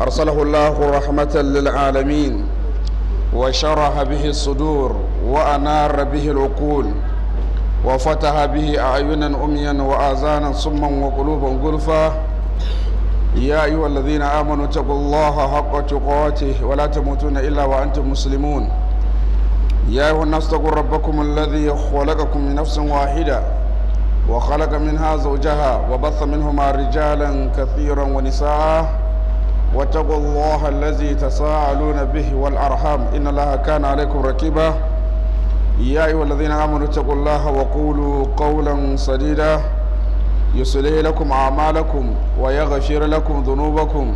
أرسله الله رحمة للعالمين وشرح به الصدور وأنار به العقول وفتح به أعينا أميا وآذانا صما وقلوبا غلفا يا أيها الذين آمنوا اتقوا الله حق تقاته ولا تموتون إلا وأنتم مسلمون يا أيها الناس اتقوا ربكم الذي خلقكم من نفس واحدة وخلق منها زوجها وبث منهما رجالا كثيرا ونساء واتقوا الله الذي تساءلون به والأرحام إن الله كان عليكم ركيبا يا أيها الذين آمنوا اتقوا الله وقولوا قولا سديدا يصلح لكم أعمالكم ويغفر لكم ذنوبكم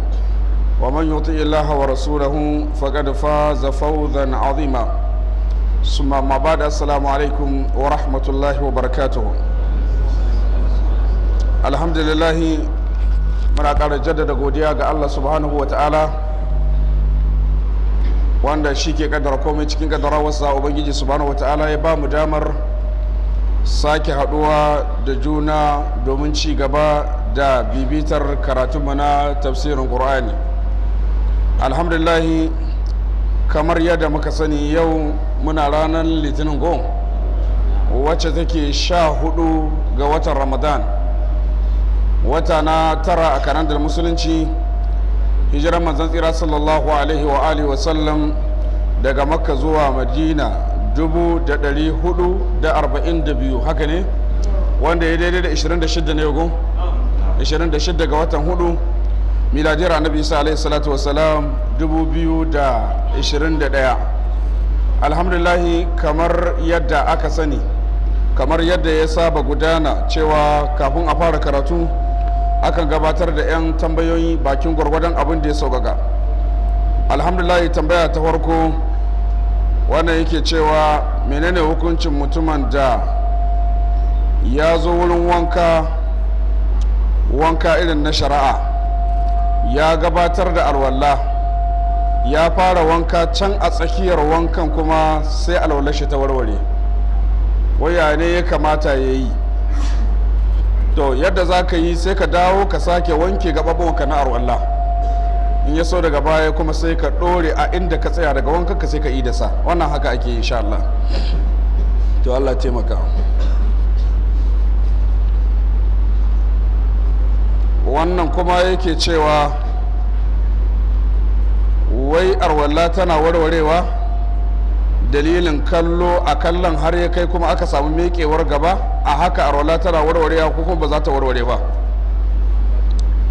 ومن يطع الله ورسوله فقد فاز فوزا عظيما ثم ما بعد السلام عليكم ورحمة الله وبركاته الحمد لله muna ƙara jaddada godiya ga allah subhanahu wa ta'ala wanda shi ke ƙaddara komai cikin ƙaddarawarsa ubangiji subhanahu wa ta'ala ya ba mu damar sake haɗuwa da juna domin ci gaba da bibitar karatunmu na tafsirin ƙur'ani alhamdulillahi kamar yadda muka sani yau muna ranar litinin go wacce take sha hudu ga watan ramadan wata na tara a kalandar musulunci hijirar manzan tsira sallallahu alaihi wa alihi wa sallam daga makka zuwa madina dubu da ɗari hudu da arba'in da biyu haka ne wanda ya daidai da 26 ne yago 26 ga watan hudu miladiyar annabi isa alaihi salatu wa da 2021 alhamdulahi kamar yadda aka sani kamar yadda ya saba gudana cewa kafin a fara karatu akan gabatar da 'yan tambayoyi bakin gwargwadon abin da ya sauƙaƙa alhamdulillah tambaya ta farko wannan yake cewa menene hukuncin mutumin da ya zo wurin wanka wanka irin na shari'a ya gabatar da alwala ya fara wanka can a tsakiyar wankan kuma sai alwalashi ta warware waya ne ya kamata ya yi to yadda za ka yi sai ka dawo ka sake wanke gaɓaɓonka na arwallah in ya so daga baya kuma sai ka ɗore a inda ka tsaya daga wankan ka sai ka yi da sa wannan haka ake insha Allah to Allah taimaka wannan kuma yake cewa wai arwalla tana warwarewa dalilin kallo a kallon har ya kai kuma aka samu mekewar gaba a haka rola tana warwarewa ko kuma ba za ta warware ba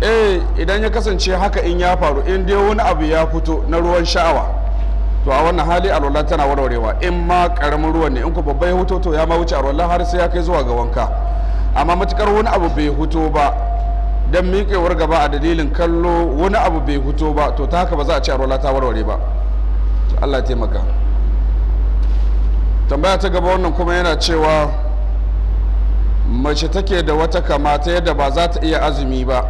eh idan ya kasance haka in ya faru in dai wani abu ya fito na ruwan sha'awa to a wannan hali alwala tana warwarewa in ma karamin ruwan ne in ku babba ya huto to ya ma wuce alwala har sai ya kai zuwa ga wanka amma matukar wani abu bai huto ba dan miƙewar gaba a dalilin kallo wani abu bai huto ba to ta haka ba za a ce alwala ta warware ba Allah taimaka tambaya ta gaba wannan kuma yana cewa mace take da wata kamata yadda ba za ta iya azumi ba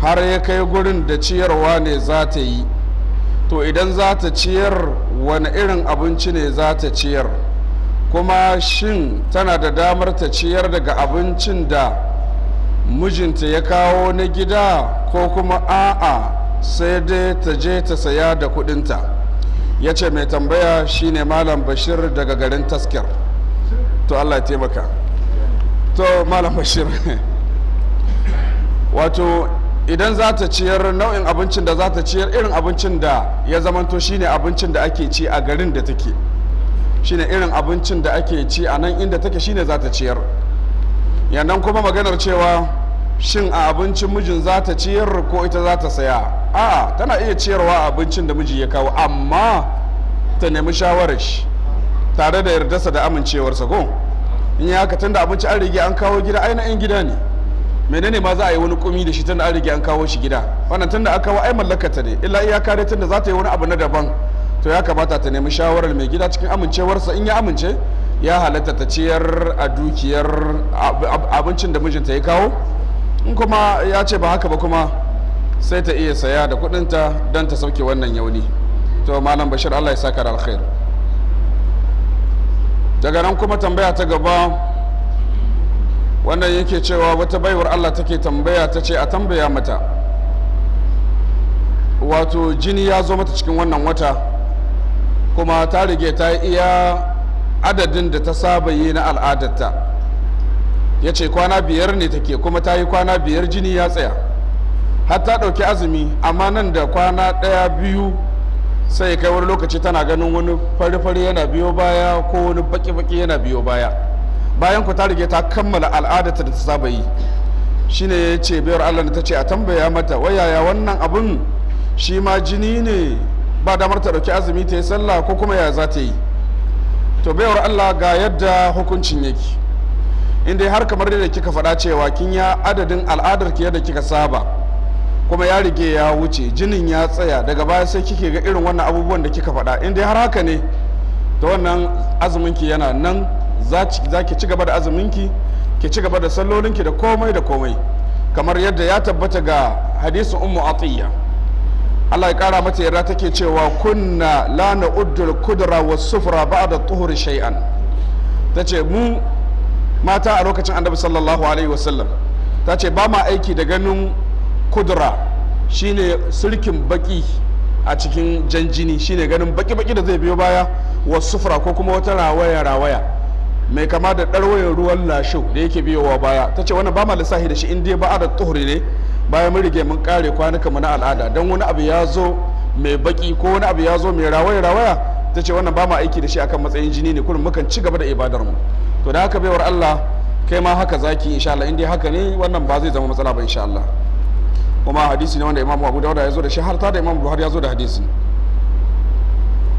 har ya kai gurin da ciyarwa ne za ta yi to idan za ta ciyar wani irin abinci ne za ta ciyar kuma shin tana da damar ta ciyar daga abincin da mijinta ya kawo na gida ko kuma a'a sai dai ta je ta saya da kudinta ya ce mai tambaya shine malam bashir daga garin taskir to allah ya taimaka to malam bashir wato idan za ta ciyar nau'in abincin da za ta ciyar irin abincin da ya zamanto shine abincin da ake ci a garin da take shine irin abincin da ake ci a nan inda take shine za ta ciyar yannan kuma maganar cewa shin a abincin mijin za ta ciyar ko ita za ta saya a'a tana iya ciyarwa abincin da miji ya kawo amma ta nemi shawarar shi tare da yardarsa da amincewarsa ko in ya haka tunda abinci an rige an kawo gida ainihin gida ne menene ma za a yi wani kumi da shi tunda an rige an kawo shi gida wannan tunda aka kawo ai mallakata ne illa iya kare tunda za ta yi wani abu na daban to ya kamata ta nemi shawarar mai gida cikin amincewarsa in ya amince ya halatta ta ciyar a dukiyar abincin da mijinta ya kawo in kuma ya ce ba haka ba kuma sai ta iya saya da kudinta don ta sauke wannan yauni to malam bashir allah ya saka alkhair daga nan kuma tambaya ta gaba wannan yake cewa wata baiwar allah take tambaya ta ce a tambaya mata wato jini ya zo mata cikin wannan wata kuma ta rige ta iya adadin da ta saba yi na al'adarta ya ce kwana biyar ne take kuma ta yi kwana biyar jini ya tsaya har ta ɗauki azumi amma nan da kwana ɗaya biyu sai kai wani lokaci tana ganin wani fari-fari yana biyo baya ko wani baki-baki yana biyo baya bayan ku ta rige ta kammala al'adata da ta saba yi shine ya ce biyar allah ta ce a tambaya mata wayaya wannan abun shi ma jini ne ba damar ta ɗauki azumi ta yi sallah ko kuma ya za ta yi to baiwar allah ga yadda hukuncin yake in dai har kamar da kika faɗa cewa kin ya adadin al'adar ki yadda kika saba kuma ya rige ya wuce jinin ya tsaya daga baya sai kike ga irin wannan abubuwan da kika faɗa in dai har haka ne ta wannan azumin yana nan za ki ci gaba da azumin ki ki ci gaba da sallolin ki da komai da komai kamar yadda ya tabbata ga hadisin ummu atiyya Allah ya kara mata yarda take cewa kunna la na'uddul kudra was sufra ba'da tuhuri shay'an tace mu mata a lokacin annabi sallallahu alaihi wasallam ta ce ba ma aiki da ganin kudura shine sirkin baki a cikin jan jini shine ganin baki-baki da zai biyo baya wa sufura ko kuma wata rawaya-rawaya mai kama da ɗarwayar ruwan lasho da yake biyowa baya ta ce wannan ba ma lissahi da shi in dai a da tuhuri ne bayan mun rige mun kare kwanuka mu na al'ada don wani abu ya zo mai baki ko wani abu ya zo mai rawaya-rawaya ta ce wannan ba ma aiki da shi akan matsayin jini ne kullum mukan ci gaba da ibadar mu to da haka baiwar Allah kai ma haka zaki insha Allah in dai haka ne wannan ba zai zama matsala ba insha Allah kuma hadisi ne wanda Imam Abu Dawud ya zo da shi har ta da Imam Buhari ya zo da hadisi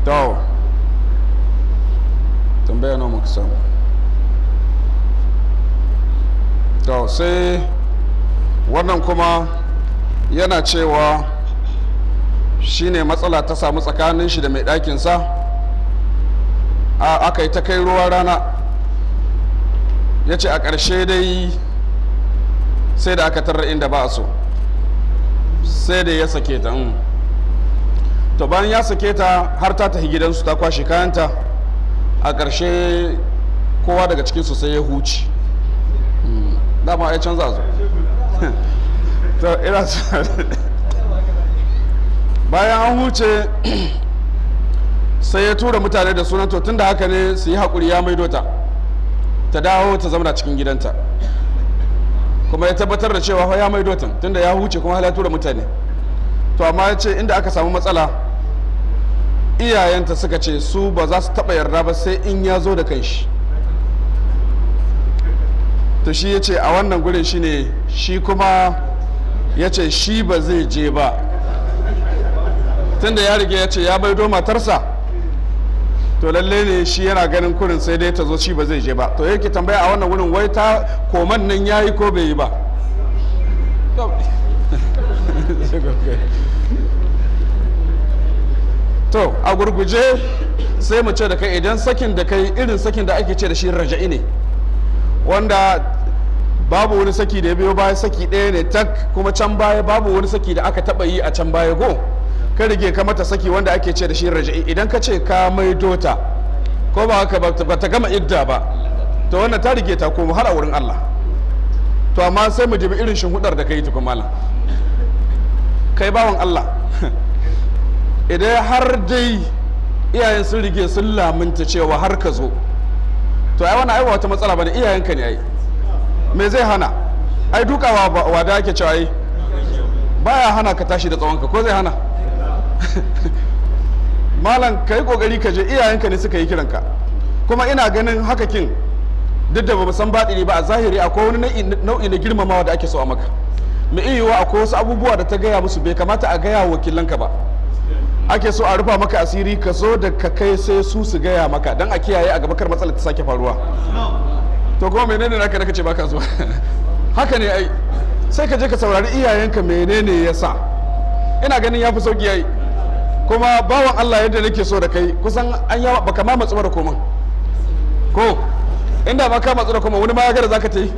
to tambaya na muka samu to sai wannan kuma yana cewa shine matsala ta samu tsakanin shi da mai ɗakinsa aka yi ta kai ruwa rana ya ce a ƙarshe dai sai da aka tarra inda ba so sai da ya sake ta mm. to bayan ya sake ta har ta tafi gidansu ta kwashe kayanta a ƙarshe kowa daga cikinsu sai ya huci mm. dama ya canza zo to ina bayan an huce sai ya tura mutane da sunan to tun da haka ne su yi haƙuri ya maido ta ta dawo ta zauna cikin gidanta kuma ya tabbatar da cewa ya maido dotin tunda ya huce kuma halatu da mutane to amma ya ce inda aka samu matsala iyayenta suka ce su ba za su taɓa yarda ba sai in ya zo da kanshi to shi ya ce a wannan gurin shi ne shi kuma ya ce shi ba zai je ba tunda ya riga ya ce ya do matarsa to lalle ne shi yana ganin kurin sai dai ta zo shi ba zai je ba to yake tambaya a wannan wurin wai ta koman nan ya yi ko bai yi ba to a gurguje sai mu ce da kai idan sakin da kai irin sakin da ake ce da shi raja'i ne wanda babu wani saki da ya biyo baya saki ɗaya ne tak kuma can baya babu wani saki da aka taɓa yi a can baya go ka rige ka mata saki wanda ake ce da shi raja'i idan ka ce ka maido ta ko ba haka ba ta gama idda ba to wannan ta rige ta komo har a wurin Allah to amma sai mu jibi irin shinhudar da kai tukun malam kai bawan Allah idan har dai iyayen sun rige sun lamunta cewa har ka zo to ai wannan ai wata matsala bane iyayenka ne ai me zai hana ai dukawa wada ake cewa ai baya hana ka tashi da tsawonka ko zai hana malam ka yi kokari ka je iyayenka ne suka yi kiranka kuma ina ganin haka kin duk da ba san baɗi ba a zahiri akwai wani nau'i na girmamawa da ake so a maka mai iya yiwuwa akwai wasu abubuwa da ta gaya musu bai kamata a gaya wakilanka ba ake so a rufa maka asiri ka zo da ka kai sai su su gaya maka don a kiyaye a gaba kar matsala ta sake faruwa to kuma menene naka da kace baka zuwa haka ne ai sai ka je ka saurari iyayenka menene ya sa ina ganin ya fi sauki yayi kuma bawan Allah yadda nake so da kai kusan an yawa baka ma matsu da komin ko inda ba ka matsu da komin wani ma ya gara zaka ta yi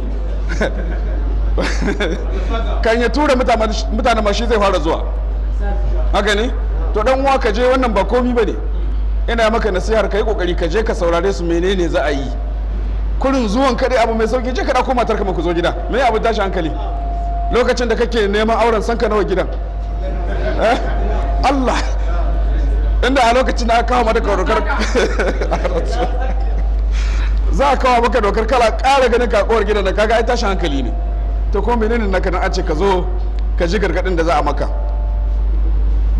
kan ya tura mutane ma shi zai fara zuwa haka ne to dan uwa ka je wannan ba komi bane ina maka nasihar kai kokari ka je ka saurare su menene za a yi kurin zuwan kaɗai abu mai sauki je ka dauko matarka ku zo gida me abu tashi hankali lokacin da kake neman auren sanka nawa gidan eh? Allah inda a lokacin na kawo maka dokar za a kawo maka dokar kala ƙara ganin kakowar gidan da kaga ai tashi hankali ne ta kuma menene naka a ce ka zo ka ji gargadin da za a maka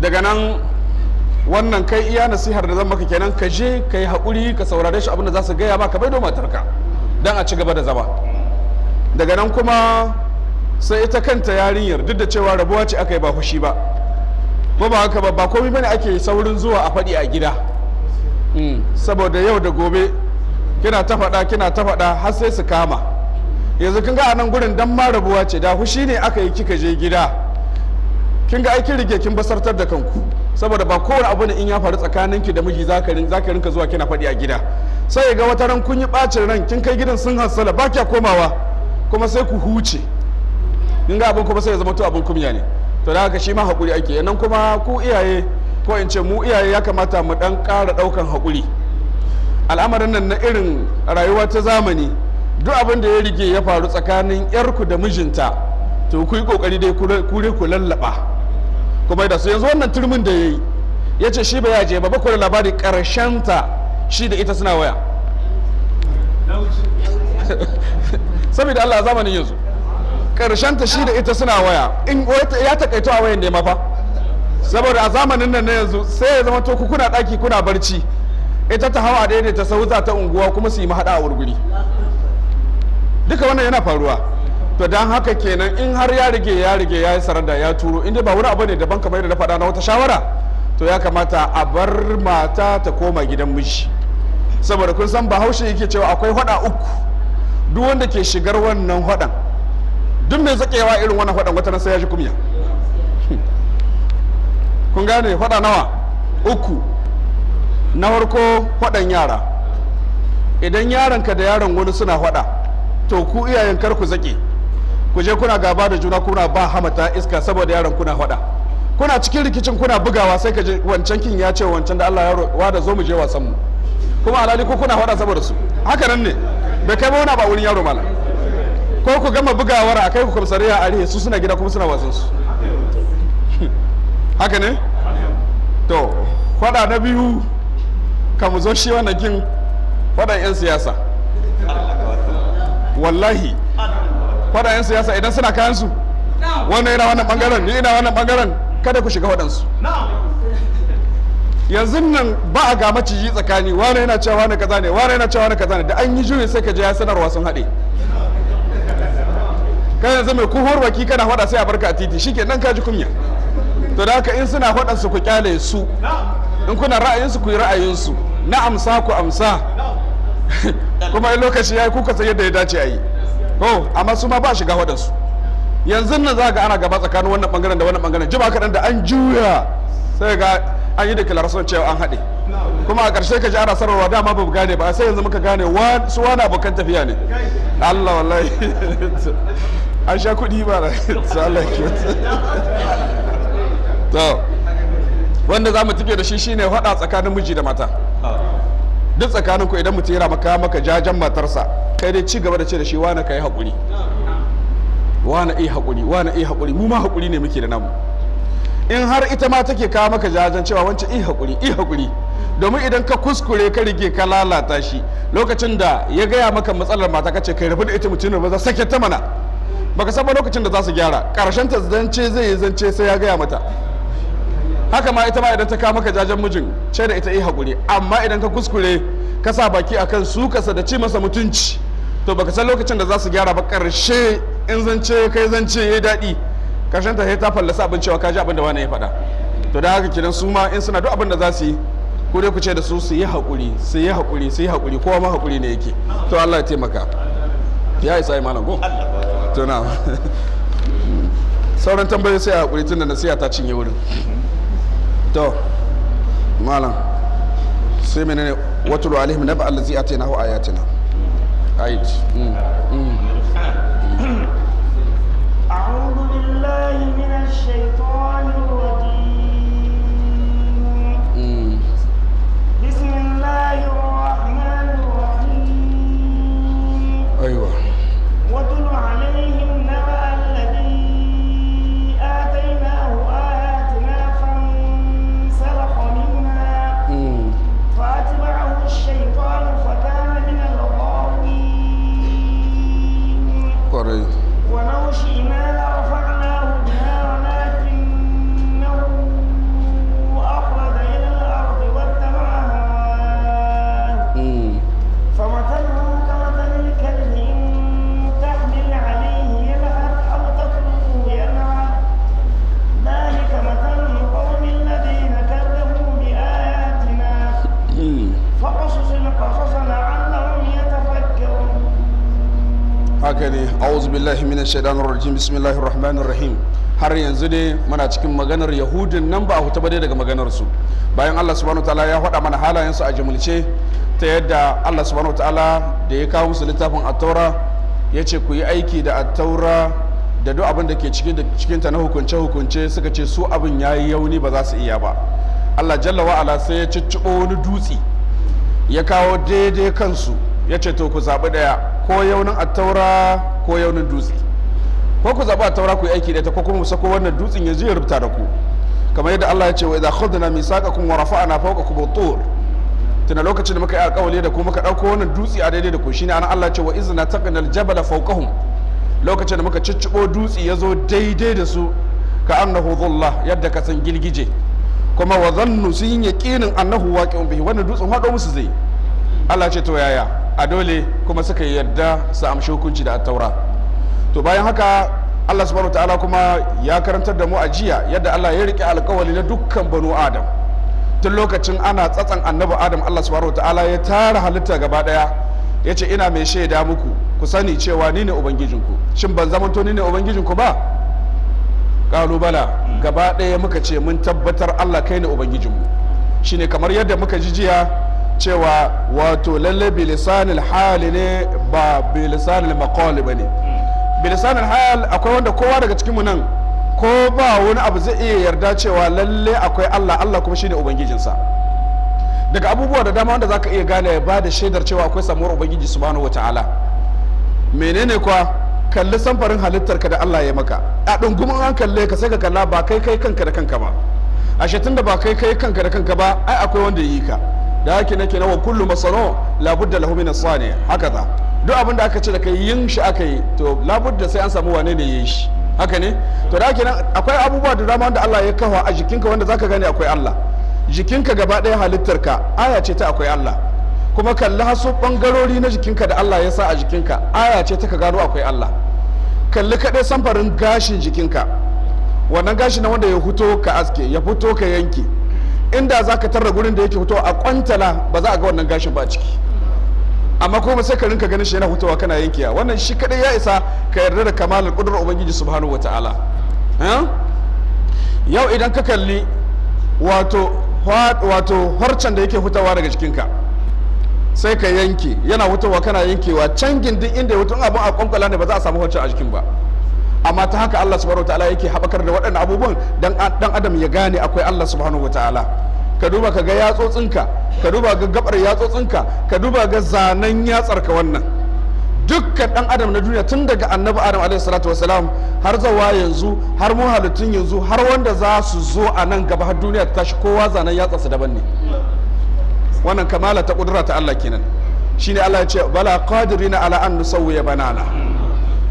daga nan wannan kai iya nasihar da zan maka kenan ka je ka yi haƙuri ka saurare shi abinda za su gaya maka bai doma matarka, don a ci gaba da zama daga nan kuma sai ita kanta yarinyar duk da cewa rabuwa ce aka yi ba fushi ba ba ba haka ba ba komai bane ake saurin zuwa a faɗi a gida hmm. saboda yau da gobe kina ta faɗa kina ta faɗa har sai su kama yanzu kin ga a nan gurin dan marabuwa ce da hushi ne aka yi kika je gida kin ga aikin rige kin basartar da kanku saboda ba kowane abu ne in ya faru tsakanin ki da miji zakarin zaka ka zuwa kina faɗi a gida sai ga wata ran kun yi bacin ran kin kai gidan sun hasala ba kya komawa kuma sai ku huce kin ga abin kuma sai ya zama to abin kumya ne to da haka shi ma haƙuri ake nan kuma ku iyaye ko in ce mu iyaye ya kamata mu ɗan ƙara ɗaukan haƙuri al'amarin nan na irin rayuwa ta zamani duk abin da ya rige ya faru tsakanin yarku da mijinta to ku yi ƙoƙari dai kure ku lallaɓa kuma da su yanzu wannan turmin da ya yi ya ce shi ba ya je ba ba ku da labari ta shi da ita suna waya saboda allah zamanin yanzu Karshen ta shi da ita suna waya in ya takaito a wayan ne mafa saboda a zamanin nan na yanzu sai ya zama to ku kuna daki, kuna barci ita ta hawa daidai ta sauza ta unguwa kuma su yi mahaɗa a wurguri duka wannan yana faruwa to don haka kenan in har ya rige ya rige ya yi sarada ya turo inda ba wani abu ne daban kamar yadda na faɗa na wata shawara to ya kamata a bar mata ta koma gidan miji saboda kun san bahaushe yake cewa akwai hada uku duk wanda ke shigar wannan hadan duk mai zakewa irin wannan hudan wata sai ya ji kumya kun gane faɗa nawa uku na farko faɗan yara idan yaranka da yaron wani suna faɗa to ku iyayen kar ku zake ku je kuna gaba da juna kuna ba hamata iska saboda yaron kuna faɗa kuna cikin rikicin kuna bugawa sai ka je wancan kin ya ce wancan da Allah ya wa da zo mu je wasan mu kuma alali ku kuna faɗa saboda su haka nan ne bai kai ba wani ba wurin yaro malam ko ku gama bugawar a kai ku kwamsariya a rihe su suna gida kuma suna wasan su haka ne to kwada na biyu ka mu zo shi wannan gin kwadan yan siyasa wallahi kwadan yan siyasa idan suna kayan su wannan yana wannan bangaren ni ina wannan bangaren kada ku shiga waɗansu yanzu nan ba a ga maciji tsakani wani yana cewa wani kaza ne wani yana cewa wani kaza ne da an yi juri sai ka je ya sanarwa sun haɗe ka yanzu mai kuhur waki kana faɗa sai a barka a titi shi nan ka ji kunya to da haka in suna faɗa su ku kyale su in kuna ra'ayinsu ku yi ra'ayinsu na amsa ku amsa kuma in lokaci ya yi kuka san yadda ya dace a yi to oh, amma su ma ba shiga su yanzu nan za ga ana gaba tsakanin wannan bangaren da wannan bangaren jima kaɗan da an juya sai ga an yi da kilarson cewa an haɗe kuma a ƙarshe ka ji ana sararwa dama ba gane ba sai yanzu muka gane su wani abokan tafiya ne allah wallahi an sha kuɗi ba ke to wanda za mu tafiya da shi shine faɗa tsakanin miji da mata duk tsakanin ku idan mutum yana maka maka jajen matarsa kai dai ci gaba da ce da shi wani ka yi haƙuri wani iya haƙuri wani iya haƙuri mu ma haƙuri ne muke da namu in har ita ma take kawo maka jajen cewa wancan iya haƙuri iya haƙuri domin idan ka kuskure ka rige ka lalata shi lokacin da ya gaya maka matsalar mata ka ce kai rabu da ita mutum ba za sake ta mana baka san ba lokacin da za su gyara karshen ta zance zai yi zance sai ya gaya mata haka ma ita ma idan ta kawo maka jajen mijin ce da ita yi eh, haƙuri amma idan ka kuskure ka sa baki akan su kasa da ci masa mutunci to baka san lokacin da za su gyara ba karshe in zance kai zance ya daɗi karshen ta sai ta fallasa abin cewa ka ji abin da wani ya faɗa to da haka kiran su ma in suna duk abin da za su yi ku dai ku ce da su su yi haƙuri su yi haƙuri su yi haƙuri kowa ma haƙuri ne yake to Allah ya taimaka ya isa malam go na sauran tambayoyi sai a hakuri tun da nasiya ta cinye wurin to malam sai wato menene watul alaihim naba allazi atainahu ayatina ayat أعوذ بالله من الشيطان gani a'udhu billahi minash rajim bismillahir rahmanir rahim har yanzu ne muna cikin maganar yahudin nan ba a hutu ba dai daga maganar su bayan Allah subhanahu ta'ala ya faɗa mana halayen su a jumulce ta yadda Allah subhanahu ta'ala da ya kawo musu littafin at-taura ya ce ku yi aiki da ataura da duk abin da ke cikin ta na hukunce hukunce suka ce su abin yayi yauni ba za su iya ba Allah jalla wa ala sai ya ciccibo wani dutse ya kawo daidai kansu ya ce to ku zaɓi ɗaya ko yaunin attaura ko yaunin dutse ko ku a attaura ku yi aiki da ita ko kuma sako wannan dutsen ya ya rubuta da ku kamar yadda Allah ya ce wa idza khadna misaqakum wa rafa'na fawqakum tur tana lokacin da muka yi alƙawari da ku muka ɗauko wannan dutse a daidai da ku shine anan Allah ce wa izna taqnal jabala fawqahum lokacin da muka ciccibo dutse ya zo daidai da su ka annahu dhullah yadda ka san gilgije kuma wa zannu sun yi yaqinin annahu waqi'un bihi wannan dutsen hado musu zai Allah ce to yaya a dole kuma suka yarda su amshi hukunci da taura to bayan haka Allah subhanahu ta'ala kuma ya karantar da mu a jiya yadda Allah ya rike alkawali na dukkan banu adam tun lokacin ana tsatsan annabi adam Allah subhanahu ta'ala ya tara halitta gaba daya ya ce ina mai shaida muku ku sani cewa ni ne ubangijinku shin ban zamanto ni ne ubangijinku ba kalubala gaba daya muka ce mun tabbatar Allah kai ne ubangijinmu shine kamar yadda muka ji jiya cewa wato lalle bilisanil hali ne ba bilisanil ba ne. bilisanil hal akwai wanda kowa daga cikin mu nan ko ba wani abu zai iya yarda cewa lalle akwai Allah Allah kuma shine ubangijinsa daga abubuwa da dama wanda zaka iya gane ba da shaidar cewa akwai samuwar ubangiji subhanahu ta'ala menene kwa kalli samfarin halittar ka da Allah ya maka a dungumin an kalle ka sai ka kalla ba kai kai kanka da kanka ba ashe da ba kai kai kanka da kanka ba ai akwai wanda ya yi ka da haka nake nawa kullu masano labudda lahu min sani haka za duk abin da aka ce da kai yin shi aka yi to labudda sai an samu wane ne yin shi haka ne to da haka akwai abubuwa da dama wanda Allah ya kawo a jikinka wanda zaka gane akwai Allah jikinka gaba ɗaya halittarka aya ce ta akwai Allah kuma kalli hasu bangarori na jikinka da Allah ya sa a jikinka aya ce ta ka gano akwai Allah kalli kaɗai samfarin gashin jikinka wannan gashi na wanda ya fito ka aske ya fito ka yanke inda za ka tarra gurin da yake fitowa a kwantala ba za a ga wannan gashin ba ciki amma kuma sai ka rinka ganin shi yana hutawa kana yankiya wannan shi kadai ya isa ka yarda da kamalin kudurar ubangiji subhanahu wataala yau idan ka kalli wato wato harcen da yake hutawa daga jikinka sai ka yanke yana hutawa kana yankewa can gindin inda ya hutun abin a kwankwala ne ba za a samu harcen a jikin ba amma ta haka Allah subhanahu wataala yake haɓakar da waɗannan abubuwan dan dan adam ya gane akwai Allah subhanahu wataala ka duba ka ga yatsotsinka ka duba ga gabar yatsotsinka ka duba ga zanen yatsarka wannan dukkan dan adam na duniya tun daga annabi adam alaihi salatu wasalam har zawa yanzu har mu halittun yanzu har wanda za su zo a nan gaba har duniya ta tashi kowa zanen yatsarsa daban ne wannan kamala ta kudura ta Allah kenan shine Allah ya ce bala qadirina ala an nusawwiya banana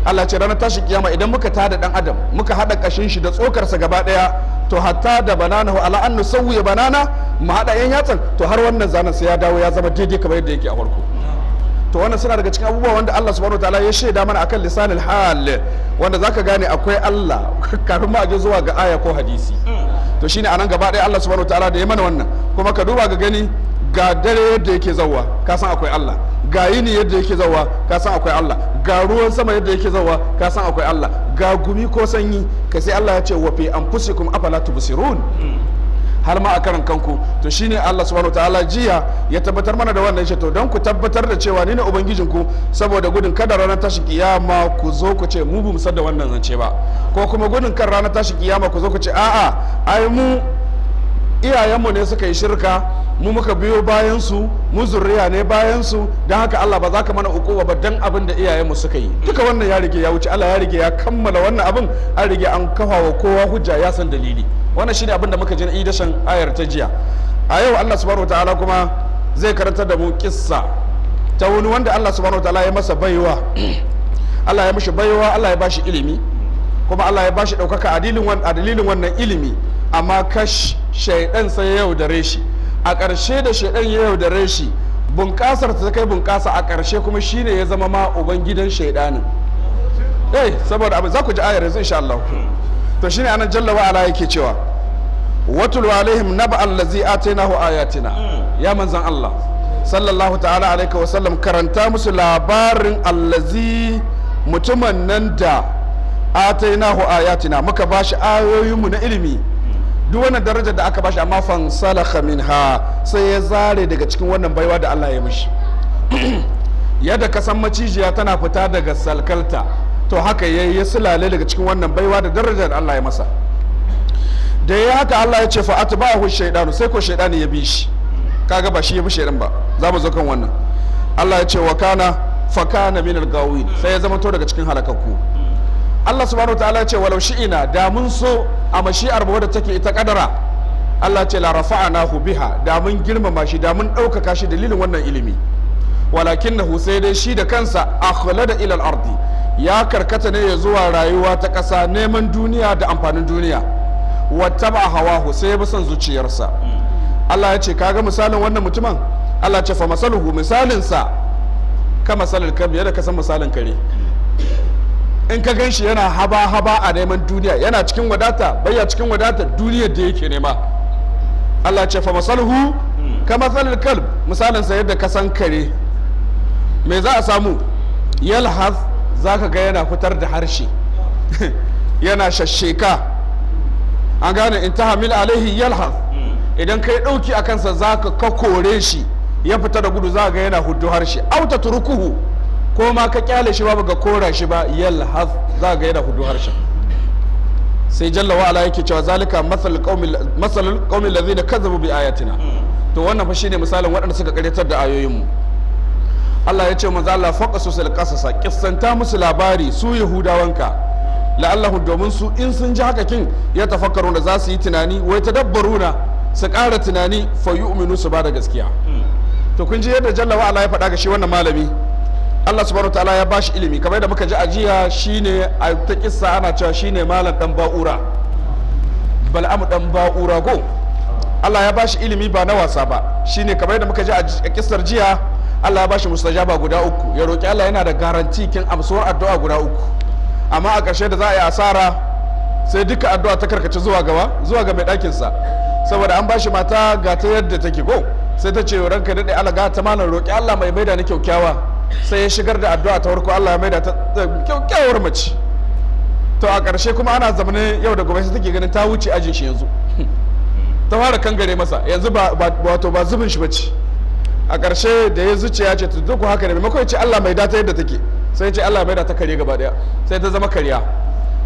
Allah ce ranar tashi kiyama idan muka tada dan adam muka hada kashin shi da tsokarsa gaba daya to hatta da banana wa ala annu sawwi banana mu hada yan yatsan to har wannan zanen sai ya dawo ya zama daidai kamar yadda yake a farko to wannan suna daga cikin abubuwa wanda Allah subhanahu wataala ya shaida mana akan lisanil hal wanda zaka gane akwai Allah kafin ma aje zuwa ga aya ko hadisi to shine anan gaba daya Allah subhanahu wataala da ya mana wannan kuma ka duba ga gani ga dare yadda yake zawa ka san akwai Allah ga yini yadda yake zawa ka san akwai Allah ga ruwan sama yadda yake zawa ka san akwai Allah ga gumi ko sanyi ka sai Allah ya ce wa fi anfusikum afala tubsirun har ma a karan kanku to shine Allah subhanahu ta'ala jiya ya tabbatar mana da wannan to don ku tabbatar da cewa ni ne ubangijinku saboda gudun kada ranar tashin kiyama ku zo ku ce mu bu musar da wannan zance ba ko kuma gudun kan ranar tashin kiyama ku zo ku ce a'a ai mu iyayenmu ne suka yi shirka mu muka biyo bayansu mu zurriya ne bayansu don haka Allah ba za ka mana uku ba don abin da iyayenmu suka yi duka wannan ya rige ya wuce Allah ya rige ya kammala wannan abin an rige an kafa wa kowa hujja ya san dalili wannan shine abin da muka ji na idashan ayar ta jiya a yau Allah subhanahu wataala kuma zai karanta da mu kissa ta wani wanda Allah subhanahu wataala ya masa baiwa Allah ya mishi baiwa Allah ya bashi ilimi kuma Allah ya bashi ɗaukaka a dalilin wannan ilimi amma kash shaidan sai ya yaudare shi a ƙarshe da shaidan ya yaudare shi bunƙasar ta kai bunƙasa a ƙarshe kuma shine ya zama ma uban gidan shaidanin eh saboda abin za ku ji ayar yanzu insha Allah to shine anan jalla wa ala yake cewa watul alaihim naba allazi atainahu ayatina ya manzan Allah sallallahu ta'ala alaihi wa sallam karanta musu labarin allazi mutumin nan da atainahu ayatina muka bashi ayoyinmu na ilimi duk wannan darajar da aka bashi amma fan salaha minha sai ya zare daga cikin wannan baiwa da Allah ya mishi yadda ka san macijiya tana fita daga salkalta to haka ya sulale daga cikin wannan baiwa da darajar Allah ya masa da ya haka Allah ya ce fa atba'ahu shaytanu sai ko shaytani ya bi shi kaga ba shi ya bi shaytan ba za mu zo kan wannan Allah ya ce wa kana fa kana min al sai ya zama to daga cikin halakakku Allah subhanahu wa ta'ala ce walau shi'ina da mun so a mashi'ar mu wadda take ita kadara Allah ce la rafa'anahu biha da mun girmama shi da mun ɗaukaka shi dalilin wannan ilimi walakinnahu sai dai shi da kansa akhlada ila al-ardi ya karkata ne ya zuwa rayuwa ta kasa neman duniya da amfanin duniya wata ba hawahu sai ya bi son zuciyarsa Allah ya ce kaga misalin wannan mutumin Allah ce fa masaluhu misalinsa ka masalin kare da ka san misalin kare in ka gan shi yana haba-haba a neman duniya yana cikin wadata bayya cikin wadata duniyar da yake nema Allah ce fa masalhu ka masalil kalb misalin sa yadda ka san kare me za a samu yalhaz zaka ga yana fitar da harshe yana shasheka an gane in tahamil alaihi yalhaz idan kai dauki a kansa zaka ka kore shi ya fita da gudu za ga yana hudu harshe auta turukuhu ko ma ka kyale shi babu ga kora shi ba haz za ga yana hudu harshen sai jalla wa ala yake cewa zalika masalul qaumil ladina kazzabu bi ayatina to wannan fa shine misalin waɗanda suka karyatar da ayoyin mu Allah ya ce manzo Allah faqasu sil qasasa kissanta musu labari su yahudawanka la'allahu domin su in sun ji haka kin ya tafakkaru da za su yi tunani wai tadabbaruna su ƙara tunani fa yu'minu su ba da gaskiya hmm. to kun ji yadda jalla wa ala ya faɗa ga shi wannan malami Allah subhanahu ta'ala ya bashi ilimi kamar da muka ji ajiya shine a ta kissa ana cewa shine malam dan ba'ura bal'am dan ba'ura go Allah ya bashi ilimi ba na wasa ba shine kamar da muka ji a kissar jiya Allah ya bashi mustajaba guda uku ya roki Allah yana da garanti kin amsuwar addu'a guda uku amma a ƙarshe da za a yi asara sai duka addu'a ta karkace zuwa gaba zuwa ga mai ɗakin sa saboda an bashi mata ga ta yadda take go sai ta ce ranka daɗe Allah ga ta malam roki Allah mai maida ni kyaukyawa sai ya shigar da addu'a ta farko Allah ya maida ta kyakkyawar mace to a ƙarshe kuma ana zamanin yau da gobe sai take ganin ta wuce ajin shi yanzu ta fara kangare masa yanzu ba wato ba zubin shi bace a ƙarshe da ya ya ce to duk haka ne maimakon ya ce Allah mai data yadda take sai ya ce Allah mai data kare gaba daya sai ta zama kariya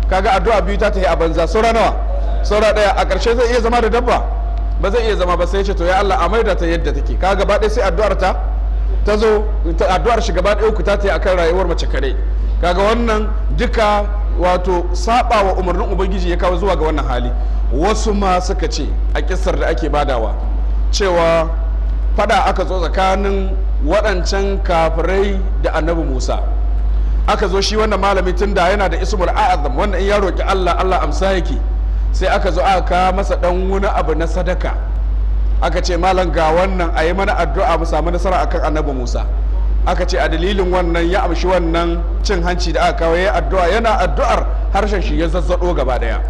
kaga addu'a biyu ta tafi a banza saura nawa saura daya a ƙarshe zai iya zama da dabba ba zai iya zama ba sai ya ce to ya Allah a mai data yadda take kaga gaba daya sai addu'ar ta ta zo addu'ar shi gaba ɗaya ku ta akan rayuwar mace kare kaga wannan duka wato saba wa umarnin ubangiji ya kawo zuwa ga wannan hali wasu ma suka ce a kisar da ake badawa cewa fada aka zo tsakanin waɗancan kafirai da annabi musa aka zo shi wannan malami tun da yana da ismul a'azam wannan in ya roki allah allah amsa yake sai aka zo aka masa dan wani abu na sadaka aka ce malam ga wannan a yi mana addu'a mu samu nasara akan annabi musa aka ce a dalilin wannan ya amshi wannan cin hanci da aka kawo ya addu'a yana addu'ar harshen shi ya zazzaɗo gaba daya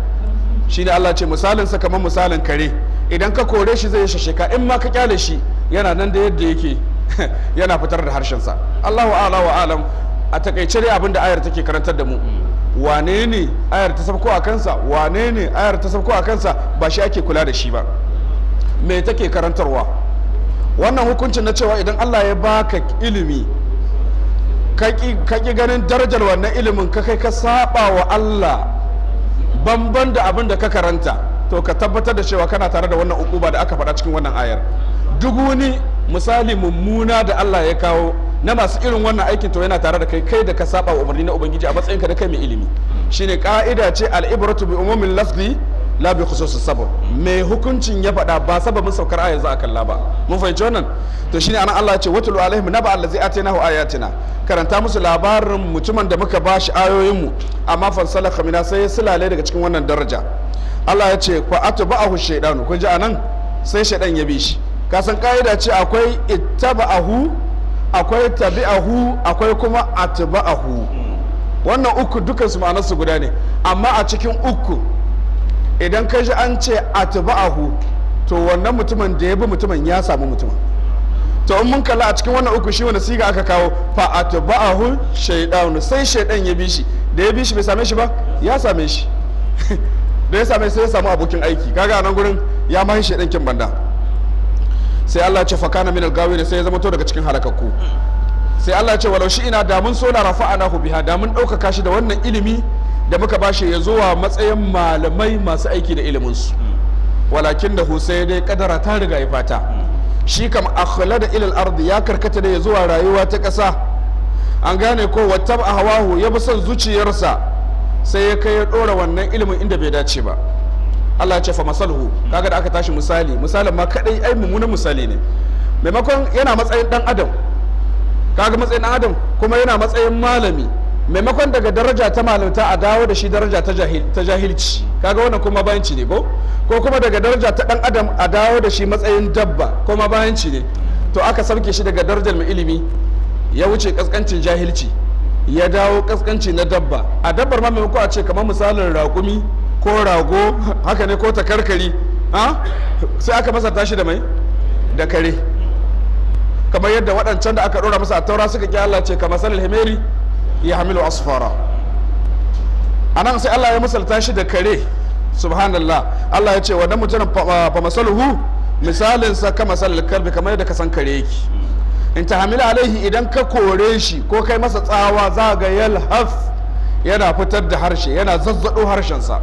shi ne allah ce misalin sa kamar misalin kare idan ka kore shi zai ka in ma ka kyale shi yana nan da yadda yake yana fitar da harshen sa allahu ala wa alam a takaice dai abinda ayar take karantar da mu wane ne ayar ta sabko a kansa wane ne ayar ta sabko a kansa ba shi ake kula da shi ba me take karantarwa wannan hukuncin na cewa idan allah ya baka ilimi kaki ganin darajar wannan ilimin ka kai ka saba wa allah banban da abin da ka karanta to ka tabbatar da cewa kana tare da wannan ukuba da aka faɗa cikin wannan ayar duk wani misali mummuna da allah ya kawo na masu irin wannan aikin to yana tare da kai kai da ka saba umarni na ubangiji a matsayinka da kai mai ilimi shine ka'ida ce al'ibratu bi umumin lafzi labi sabab mai hukuncin ya faɗa ba sababin saukar aya za a kalla ba mun fahimci wannan to shine anan Allah ya ce watul alaihim naba allazi atainahu ayatina karanta musu labarin mutumin da muka shi ayoyin mu amma fansala kamina sai ya silale daga cikin wannan daraja Allah ya ce fa atba'ahu shaytanu kun ji anan sai shaytan ya bi shi ka san kaida ce akwai ittaba'ahu akwai tabi'ahu akwai kuma atba'ahu wannan uku dukansu ma'anarsu guda ne amma a cikin uku idan ka ji an ce hu, to wannan mutumin da ya bi mutumin ya samu mutumin to in mun kalla a cikin wannan uku shi wanda siga aka kawo fa a hu shaydan sai shaidan ya bi shi da ya bi shi bai same shi ba ya same shi da ya same sai ya samu abokin aiki kaga nan gurin ya mahi shaidan kin banda sai Allah ya ce fa na min al sai ya zama to daga cikin halakakku sai Allah ya ce walau shi ina da mun so na rafa'anahu biha da mun ɗaukaka shi da wannan ilimi da muka bashi ya zuwa matsayin malamai masu aiki da iliminsu walakin da husai dai kadara ta riga ya fata shi kam akhla da ilal ardi ya karkata da ya zuwa rayuwa ta kasa an gane ko wata hawahu ya bi son zuciyarsa sai ya kai ya ɗora wannan ilimin inda bai dace ba Allah ya ce fa masalhu kaga da aka tashi misali misalin ma kadai ai mummunan misali ne maimakon yana matsayin dan adam kaga matsayin dan adam kuma yana matsayin malami maimakon daga daraja ta malamta a dawo da shi daraja ta jahilci kaga wannan kuma bayanci ne ko ko kuma daga daraja ta dan adam a dawo da shi matsayin dabba kuma bayanci ne to aka sauke shi daga darajar mai ilimi ya wuce kaskancin jahilci ya dawo kaskanci na dabba a dabbar ma maimako a ce kamar misalin raƙumi ko rago haka ne ko takarkari sai aka masa tashi da mai da kare kamar yadda waɗancan da aka ɗora masa a taura suka ƙi Allah ce kamar salil himeri ya hamilu asfara a nan sai Allah ya misalta shi da kare subhanallah Allah ya ce wa mutum fa masaluhu misalinsa ka sal karbi kamar yadda ka kare yake in ta hamila alaihi idan ka kore shi ko kai masa tsawa za ga yalhaf yana fitar da harshe yana zazzado harshensa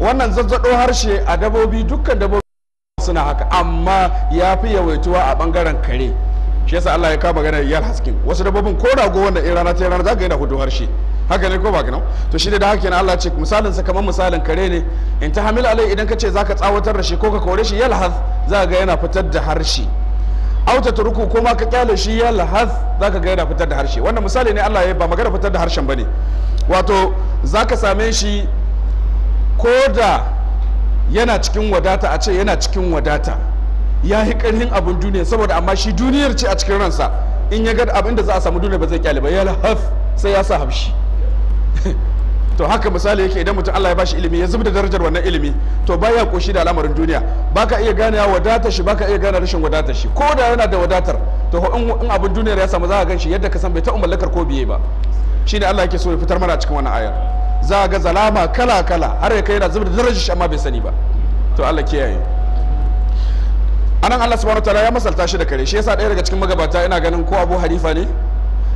wannan zazzado harshe a dabobi dukkan dabobi suna haka amma ya fi yawaituwa a bangaren kare shi yasa Allah ya kawo magana yal haskin wasu dabbobin ko rago wanda in rana ta rana za ka yana hudu harshe haka ne ko ba ka to shi da haka kenan Allah ce misalin sa kamar misalin kare ne in ta hamil alai idan ka ce zaka tsawatar da shi ko ka kore shi yal has za ga yana fitar da harshe auta turku ko ma ka kyale shi yal has za ka ga yana fitar da harshe wannan misali ne Allah ya ba magana fitar da harshen bane wato za ka same shi ko da yana cikin wadata a ce yana cikin wadata ya yi karhin abin duniya saboda amma shi duniyar ce a cikin ransa in ya ga abin da za a samu duniya ba zai kyale ba ya lahaf sai ya sa hafshi to haka misali yake idan mutum Allah ya bashi ilimi ya zub da darajar wannan ilimi to baya koshi da al'amarin duniya baka iya gane wadatar shi baka iya gane rashin wadatar shi ko da yana da wadatar to in abin duniyar ya samu za ka gan shi yadda ka san bai ta mallakar ko biye ba shine Allah yake so ya fitar mana cikin wannan ayar za ga zalama kala kala har ya kai yana zub da darajar shi amma bai sani ba to Allah kiyaye anan Allah subhanahu wataala ya masalta shi da kare shi yasa ɗaya daga cikin magabata ina ganin ko Abu Harifa ne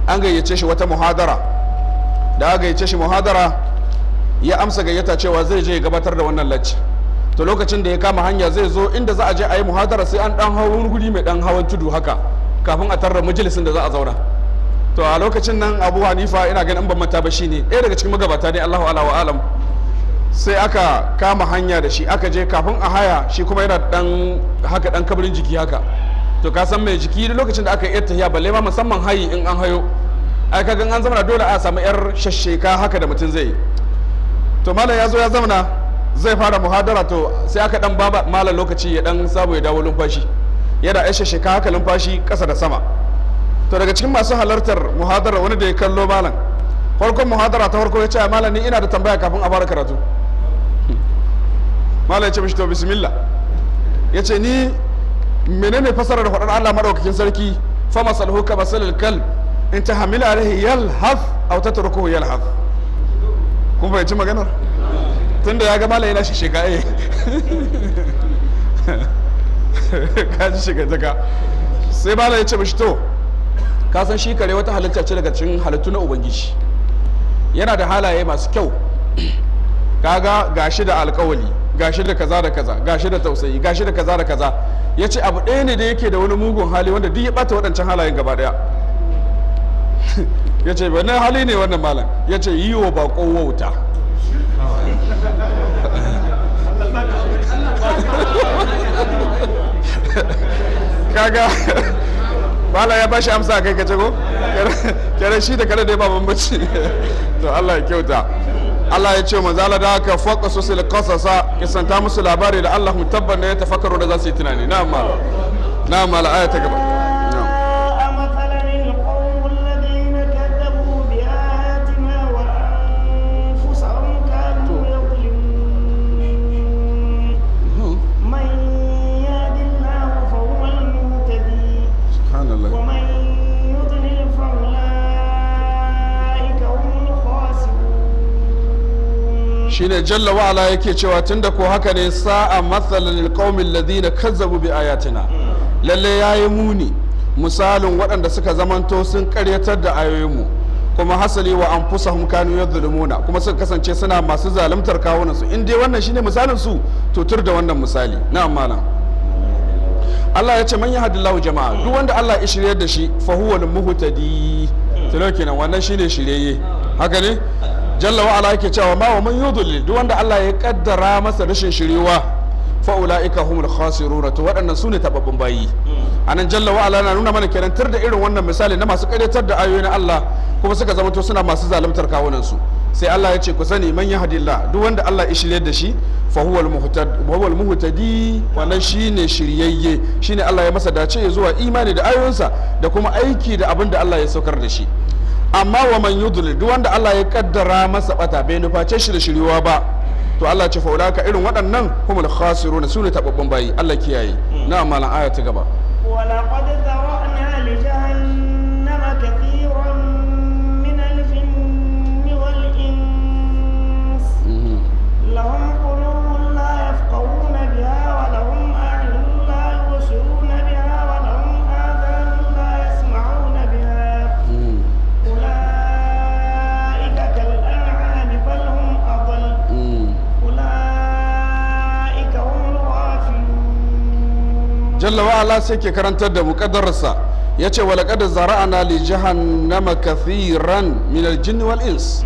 an gayyace shi wata muhadara da aka gayyace shi muhadara ya amsa gayyata cewa zai je gabatar da wannan lacci to lokacin da ya kama hanya zai zo inda za a je a yi muhadara sai an dan hawo guri mai dan hawan tudu haka kafin a tarra majalisin da za a zauna to a lokacin nan Abu Hanifa ina ganin ban manta ba shine ɗaya daga cikin magabata ne Allahu ala wa alam sai aka kama hanya da shi aka je kafin a haya shi kuma yana dan haka dan kabarin jiki haka to ka san mai jiki da lokacin da aka yi tahiya balle ma musamman hayi in an hayo ai kaga an zama dole a samu yar shasheka haka da mutum zai to malam ya zo ya zama zai fara muhadara to sai aka dan baba malam lokaci ya dan sabo ya dawo lumfashi yana yar shasheka haka lumfashi kasa da sama to daga cikin masu halartar muhadara wani da ya kallo malam farkon muhadara ta farko ya ce malam ni ina da tambaya kafin a fara karatu malam ya ce mishi to bismillah ya ce ni menene fasarar faɗar Allah maɗaukakin sarki fa masalhu ka masalil kal in ta hamila alaihi yalhaf aw yal haf. kun fahimci maganar tunda ya ga malam yana shi shiga eh ka ji shiga daga sai malam ya ce mishi to ka san shi kare wata halitta ce daga cikin halittu na ubangiji yana da halaye masu kyau kaga gashi da alkawali gashi da kaza da kaza gashi da tausayi gashi da kaza da kaza ya ce abu ɗaya ne da yake da wani mugun hali wanda duk ya ɓata waɗancan halayen gaba ɗaya ya ce wani hali ne wannan malam ya ce yi wa bako wauta kaga bala ya bashi amsa kai ka ce ko kare shi da kare dai ba bambanci to Allah ya kyauta Allah ya ce manzala da haka faka su sil qasasa kisanta musu labari da Allah mu tabbata ya tafakkaru da za su yi tunani na mala na mala aya ta gaba shine jalla wa'ala yake cewa tunda ko haka ne sa'a mathalan alqaumil ladina kazzabu bi ayatina lalle yayi muni misalin waɗanda suka zamanto sun karyatar da ayoyinmu kuma hasali wa anfusahum kanu yadhlimuna kuma suka kasance suna masu zaluntar kawunan su in dai wannan shine misalin su to tur da wannan misali na'am malam Allah ya ce man yahdillahu jama'a duk wanda Allah ya shirye da shi fa huwa al-muhtadi to kenan wannan shine shirye haka ne jalla wa'ala yake cewa ma wa man yudlil duk wanda Allah ya kaddara masa rashin shiriwa fa ulaika humul khasiruna to waɗannan sune tababbun bayi anan jalla wa'ala na nuna mana kenan tar da irin wannan misali na masu kaidatar da ayoyin Allah kuma suka zama to suna masu zaluntar kawunan su sai Allah ya ce ku sani man yahdillah duk wanda Allah ya shirye da shi fa huwal muhtad huwal muhtadi wannan shine shiryayye shine Allah ya masa dace zuwa imani da ayoyinsa da kuma aiki da abin da Allah ya saukar da shi amma wa man yudlil duk wanda Allah ya kaddara masa bata bai nuface shi da shiriwa ba to Allah ce ka irin waɗannan humul khasiruna sune tababban bayi Allah kiyaye mm. na malan aya ta gaba jalla ala sai ke karantar da mu ya ce wa laƙadar zara'ana li jahannama kathiran min aljin wal ins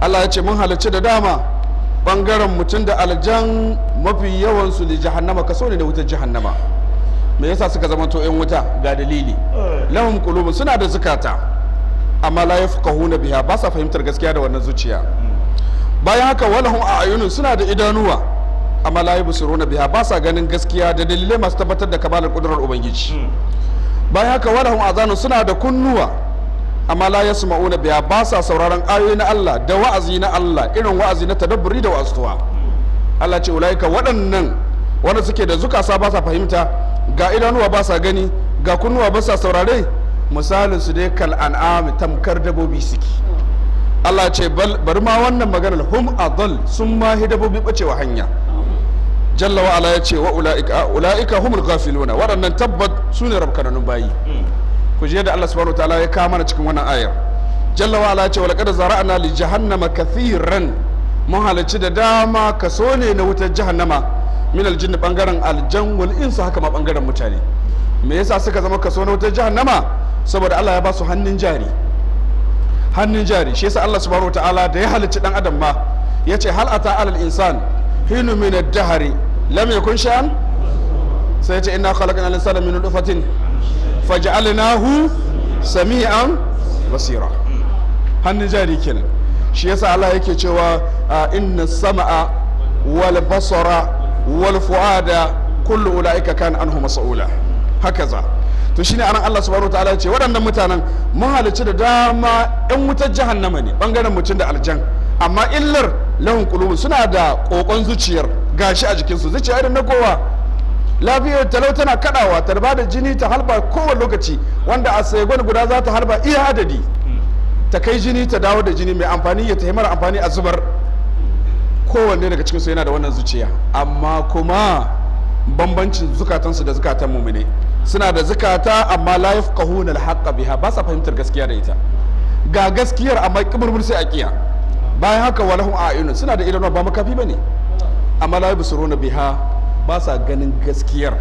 Allah ya ce mun halarci da dama bangaren mutum da aljan mafi yawansu li jahannama kaso ne da wutar jahannama me yasa suka zama to yan wuta ga dalili lahum qulubun suna da zukata amma la yafqahuna biha ba sa fahimtar gaskiya da wannan zuciya bayan haka walahum a'yunun suna da idanuwa amma la yubsiruna biha ba sa ganin gaskiya da dalilai masu tabbatar da kamalar kudurar ubangiji hmm. bayan haka hun azanu suna da kunnuwa amma la ma'una biya ba sa sauraron ayoyi na Allah da wa'azi na Allah irin wa'azi na tadabburi da wa'aztuwa hmm. Allah ce ulaika waɗannan wanda suke da zukasa ba sa fahimta ga idanuwa ba sa gani ga kunnuwa ba sa saurare misalin su dai kal an'am tamkar dabobi suke hmm. Allah ce bari ma wannan maganar hum adal sun ma dabobi bacewa hanya jalla wa ya ce wa ula'ika humul ghafiluna waɗannan tabbat su ne rabkananun bayi ku je da Allah subhanahu ta'ala ya kama mana cikin wannan ayar jalla wa ya ce walaqad zara'na li jahannama kathiran mun da dama kaso ne na wutar jahannama min aljinni bangaren aljan wal insu haka ma bangaren mutane me yasa suka zama kaso na wutar jahannama saboda Allah ya ba su hannun jari hannun jari shi yasa Allah subhanahu ta'ala da ya halicci dan adam ma yace hal ata alal insan hinu min ad-dahri lam yakun sha'an sai ce inna khalaqna al-insana min nutfatin faj'alnahu sami'an basira hannun jari kenan shi yasa Allah yake cewa inna sama'a wal basara wal fuada kullu ulaika kan anhu mas'ula hakaza to shine anan Allah subhanahu wa ta'ala ce waɗannan mutanen mun halicci da dama yan wutar jahannama ne bangaren mutum da aljan amma illar lahun Kulubu suna da ƙoƙon zuciyar gashi a jikinsu zuciya irin na kowa lafiyar talau tana kadawa tarba da jini ta halba kowane lokaci wanda a gwani guda za ta halba iya adadi ta kai jini ta dawo da jini mai amfani ya taimara amfani a zubar kowanne daga cikinsu yana da wannan zuciya amma kuma bambancin zukatansu da zukatan mumine suna da zukata amma la yafqahuna al-haqqa biha ba sa fahimtar gaskiya da ita ga gaskiyar amma kiburmur sai a kiya bayan haka walahum a'yunun suna da idanuwa ba makafi bane amma la yubsiruna biha ba sa ganin gaskiyar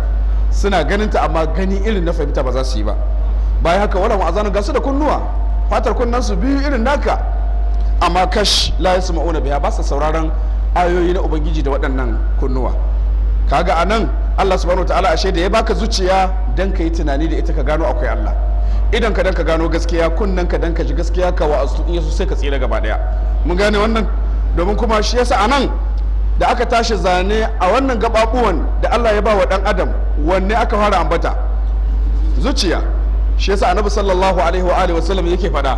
suna ganin ta amma gani irin na fahimta ba za su yi ba bayan haka wala azanu gasu da kunnuwa fatar kunnan su biyu irin naka amma kash la yasma'una biha ba sa sauraron ayoyi na ubangiji da waɗannan kunnuwa kaga anan Allah subhanahu wataala ashe da ya baka zuciya dan ka yi tunani da ita ka gano akwai Allah idan ka dan ka gano gaskiya kunnan ka dan ka ji gaskiya ka wa'azu in yasu sai ka tsira gaba daya mun gane wannan domin kuma shi yasa anan da aka tashi zane a wannan gababuwan da Allah ya ba wa dan adam wanne aka fara ambata zuciya shi yasa annabi sallallahu alaihi wa alihi wasallam yake fada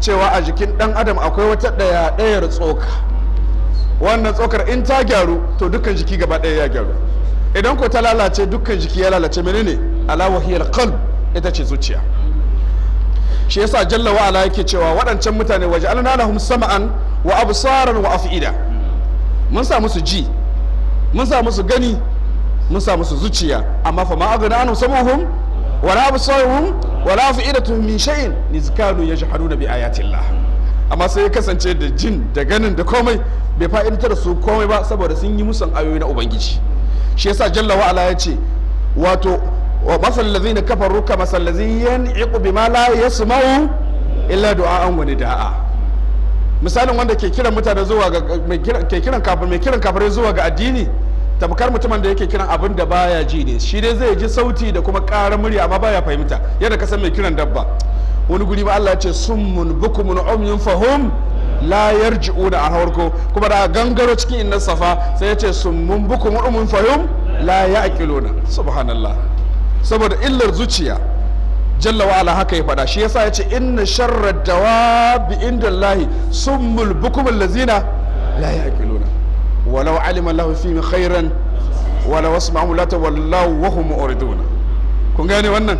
cewa a jikin ɗan adam akwai wata daya dayar tsoka wannan tsokar in ta gyaru to dukkan jiki gaba daya ya gyaru idan ko ta lalace dukkan jiki ya lalace menene ala wahiyal qalb ita ce zuciya shi yasa jalla wa ala yake cewa waɗancan mutane waje alna lahum sam'an wa absaran wa af'ida mun sa musu ji mun sa musu gani mun sa musu zuciya amma fa ma agana anu samuhum wala absaruhum wala fi'idatuhum min shay'in nizkanu yajhaduna bi ayati amma sai ya kasance da jin da ganin da komai bai fa'idantar su komai ba saboda sun yi musan ayoyi na ubangiji shi yasa jalla wa ya ce, wato wa masal ladzina kafaru ka masal yan'iqu bima la yasma'u illa du'a'an wa nida'a misalin wanda ke kiran mutane zuwa ga ke kiran kafir mai kiran kafirai zuwa ga addini tamkar mutumin da yake kiran abin da baya ji ne shi dai zai ji sauti da kuma ƙara murya amma baya fahimta yadda ka san mai kiran dabba wani guri ba Allah ya ce summun bukumun umyun fahum la yarji'u a harko kuma da gangaro cikin inna safa sai ya ce summun bukumun umyun fahum la ya'qiluna subhanallah saboda illar zuciya jalla wa ala haka ya faɗa shi yasa ya ce inna sharra bi inda Allahi summul bukumul lazina la yaqiluna walau alima Allahu fi khairan walau wasu la tawallaw wa hum mu'riduna kun gane wannan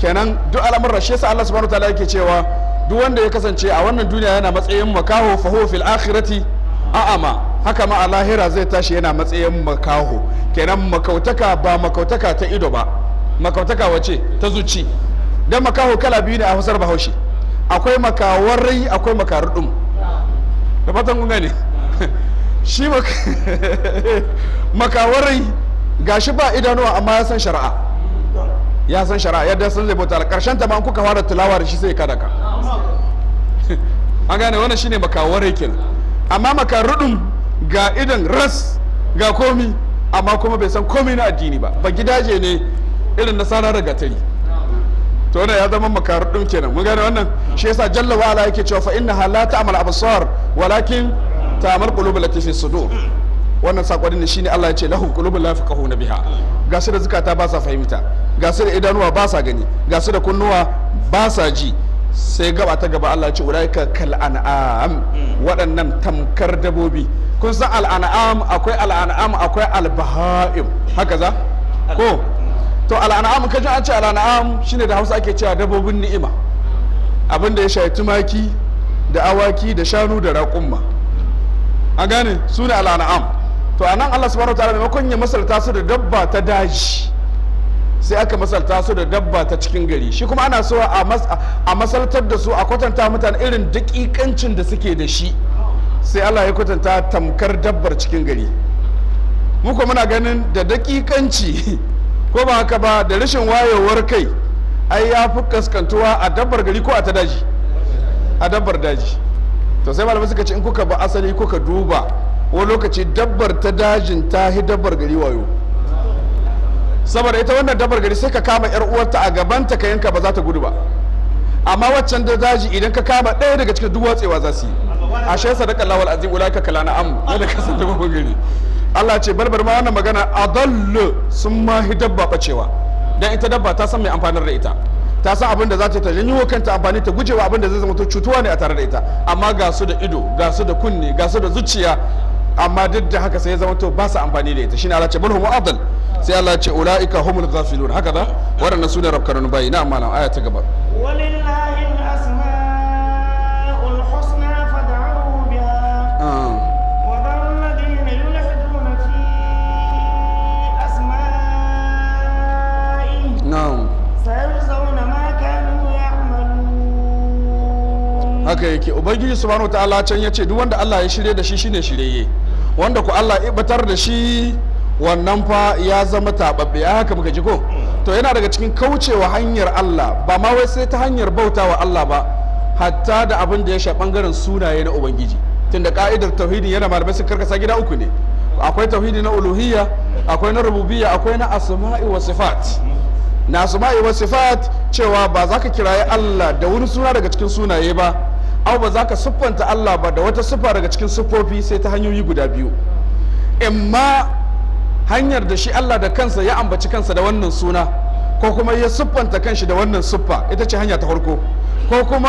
kenan duk al'amuran shi yasa Allah subhanahu Taala yake cewa duk wanda ya kasance a wannan duniya yana matsayin makaho fa huwa fil akhirati a'ama haka ma a lahira zai tashi yana matsayin makaho kenan makautaka ba makautaka ta ido ba makautaka wace ta zuci don makaho kala biyu ne a hausar bahaushe akwai makawar rai akwai makawar da fatan kun gane shi makawar rai shi ba idanuwa amma ya san shari'a ya san shari'a yadda sun zai bauta karshen ta ma kuka fara tilawar da shi sai ka daka an gane wannan shine makawar rai kenan amma makawar ga idan ras ga komi amma kuma bai san komi na addini ba ba gidaje ne irin na sarar gatari to wannan ya zama makarudin kenan mun gane wannan shi yasa jalla wa ala yake cewa fa inna la ta'mal absar walakin ta'mal qulub allati fi sudur wannan sakonin ne shine Allah ya ce lahum qulubun la yafqahuna biha ga su da zukata ba sa fahimta ga su da idanuwa ba sa gani ga su da kunnuwa ba sa ji sai gaba ta gaba Allah ya ce ulaika kal an'am waɗannan tamkar dabobi kun san al an'am akwai al akwai al baha'im haka za ko to al'an'am kajin an ce al'an'am shine da hausa ake cewa dabbobin ni'ima abin da ya shafi tumaki da awaki da shanu da raƙumma a gane su ne al'an'am to anan allah subhanahu ta'ala maimakon ya masalta su da dabba ta daji sai aka masalta su da dabba ta cikin gari shi kuma ana so a masaltar da su a kwatanta mutane irin daƙiƙancin da suke da shi sai allah ya kwatanta tamkar dabbar cikin gari muka muna ganin da daƙiƙanci ko ba haka ba da rashin wayewar kai ai ya fi kaskantuwa a dabbar gari ko a ta daji a dabbar daji to sai malamai suka ce in kuka ba asali kuka duba wani lokaci dabbar ta dajin ta hi dabbar gari wayo saboda ita wannan dabbar gari sai ka kama yar uwarta a gabanta ka yanka ba za ta gudu ba amma waccan da daji idan ka kama ɗaya daga cikin duk watsewa za su yi ashe sadaka lawal azim ulaika kalana amu da ka san dabbar gari Allah ce barbar ma wannan magana adallu sun ma dabba bacewa dan ita dabba ta san mai amfanar da ita ta san abin da za ta yi wa kanta amfani ta gujewa abin da zai zama cutuwa ne a tare da ita amma ga su da ido ga su da kunne ga su da zuciya amma duk da haka sai ya zama to ba su amfani da ita shine Allah ce bal hum adal sai Allah ce ulaika humul ghafilun haka da waɗannan sunan rabkarun bayi na malam aya ta gaba walil haka yake ubangiji subhanahu ta'ala can ya ce duk wanda Allah ya shirye da shi shine shirye wanda ku Allah ya da shi wannan fa ya zama tababbe ya haka muka ji ko to yana daga cikin kaucewa hanyar Allah ba ma wai sai ta hanyar bauta wa Allah ba hatta da abin da ya sha bangaren sunaye na ubangiji da ka'idar tauhidi yana malamai sun karkasa gida uku ne akwai tauhidi na uluhiyya akwai na rububiyya akwai na asma'i wa sifat na asma'i wa sifat cewa ba za ka kiraye Allah da wani suna daga cikin sunaye ba au ba za ka siffanta Allah ba da wata siffa daga cikin siffofi sai ta hanyoyi guda biyu imma hanyar da shi Allah da kansa ya ambaci kansa da wannan suna ko kuma ya siffanta kanshi da wannan siffa ita ce hanya ta farko ko kuma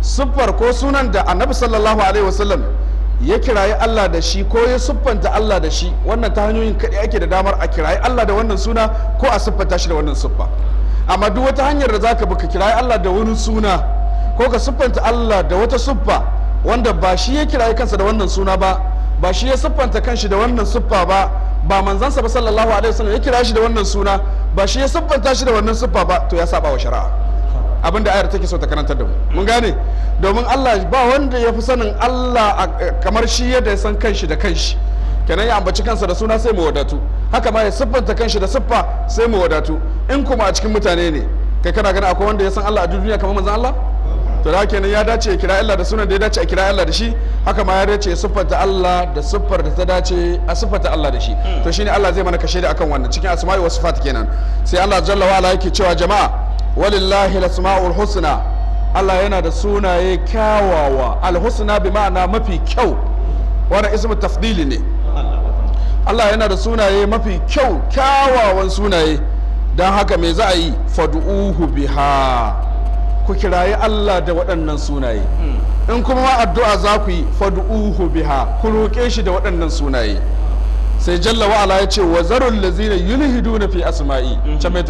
siffar ko sunan da annabi sallallahu alaihi wasallam ya kirayi Allah da shi ko ya siffanta Allah da shi wannan ta hanyoyin kaɗai ake da damar a kirayi Allah da wannan suna ko a siffanta shi da wannan siffa amma duk wata hanyar da zaka ka kirayi Allah da wani suna ko ka siffanta Allah da wata siffa wanda ba shi ya kira kansa da wannan suna ba ba shi ya siffanta kanshi da wannan siffa ba ba manzansa ba sallallahu alaihi wasallam ya kira shi da wannan suna ba shi ya siffanta shi da wannan siffa ba to ya saba wa shari'a abin da ayar take so ta karantar da mu mun gane domin Allah ba wanda ya fi sanin Allah kamar shi yadda ya san kanshi da kanshi kenan ya ambaci kansa da suna sai mu wadatu haka ma ya siffanta kanshi da siffa sai mu wadatu in kuma a cikin mutane ne kai kana gani akwai wanda ya san Allah a duniya kamar manzon Allah to da kenan ya dace ya kira Allah da sunan da ya dace a kira Allah da shi haka ma ya dace ya siffata Allah da siffar da ta dace a siffata Allah da shi hmm. to shine Allah zai mana kashe da akan wannan cikin asma'i wasu sifat kenan sai Allah jalla wa ala yake cewa jama'a walillahi al husna Allah yana da sunaye kyawawa al-husna bi ma'ana mafi kyau wannan ismu tafdili ne Allah yana da sunaye mafi kyau kyawawan sunaye Dan haka me za a yi fadu'uhu biha ku kirayi Allah da waɗannan sunaye hmm. in kuma ma addu'a za ku yi fadu'uhu biha ku roƙe shi da waɗannan sunaye sai jalla wa'ala ya ce wa zarul lazina yulhiduna fi asma'i hmm. can mai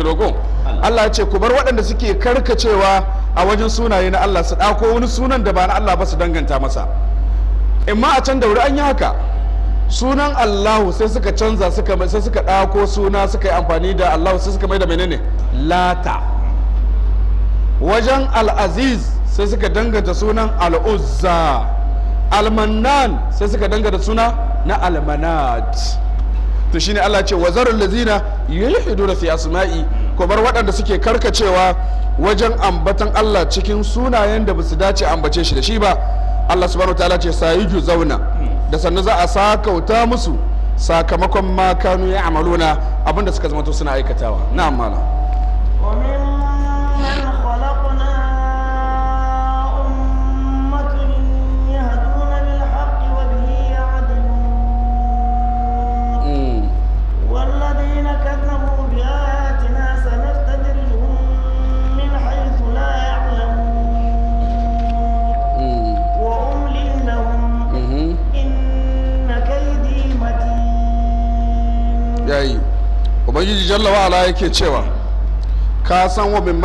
Allah ya ce ku bar waɗanda suke karkacewa a wajen sunaye na Allah su ɗako wani sunan da ba na Allah ba su danganta masa In ma a can da wuri an yi haka sunan Allahu sai suka canza suka sai suka ɗako suna suka yi amfani da Allahu sai suka mai da menene lata wajen al'aziz sai suka danganta sunan al'uzza almanan sai suka danganta suna na almanat to shine Allah ce wazarul lazina yulhiduna fi asma'i ko bar waɗanda suke karkacewa wajen ambatan Allah cikin sunayen da basu dace ambace shi da shi ba Allah subhanahu ta'ala ce sayiju zauna da sannu za a sakauta musu sakamakon ma kanu ya amaluna abinda suka zama to suna aikatawa na'am malam ubangiji jalla wa'ala yake cewa ka san wa min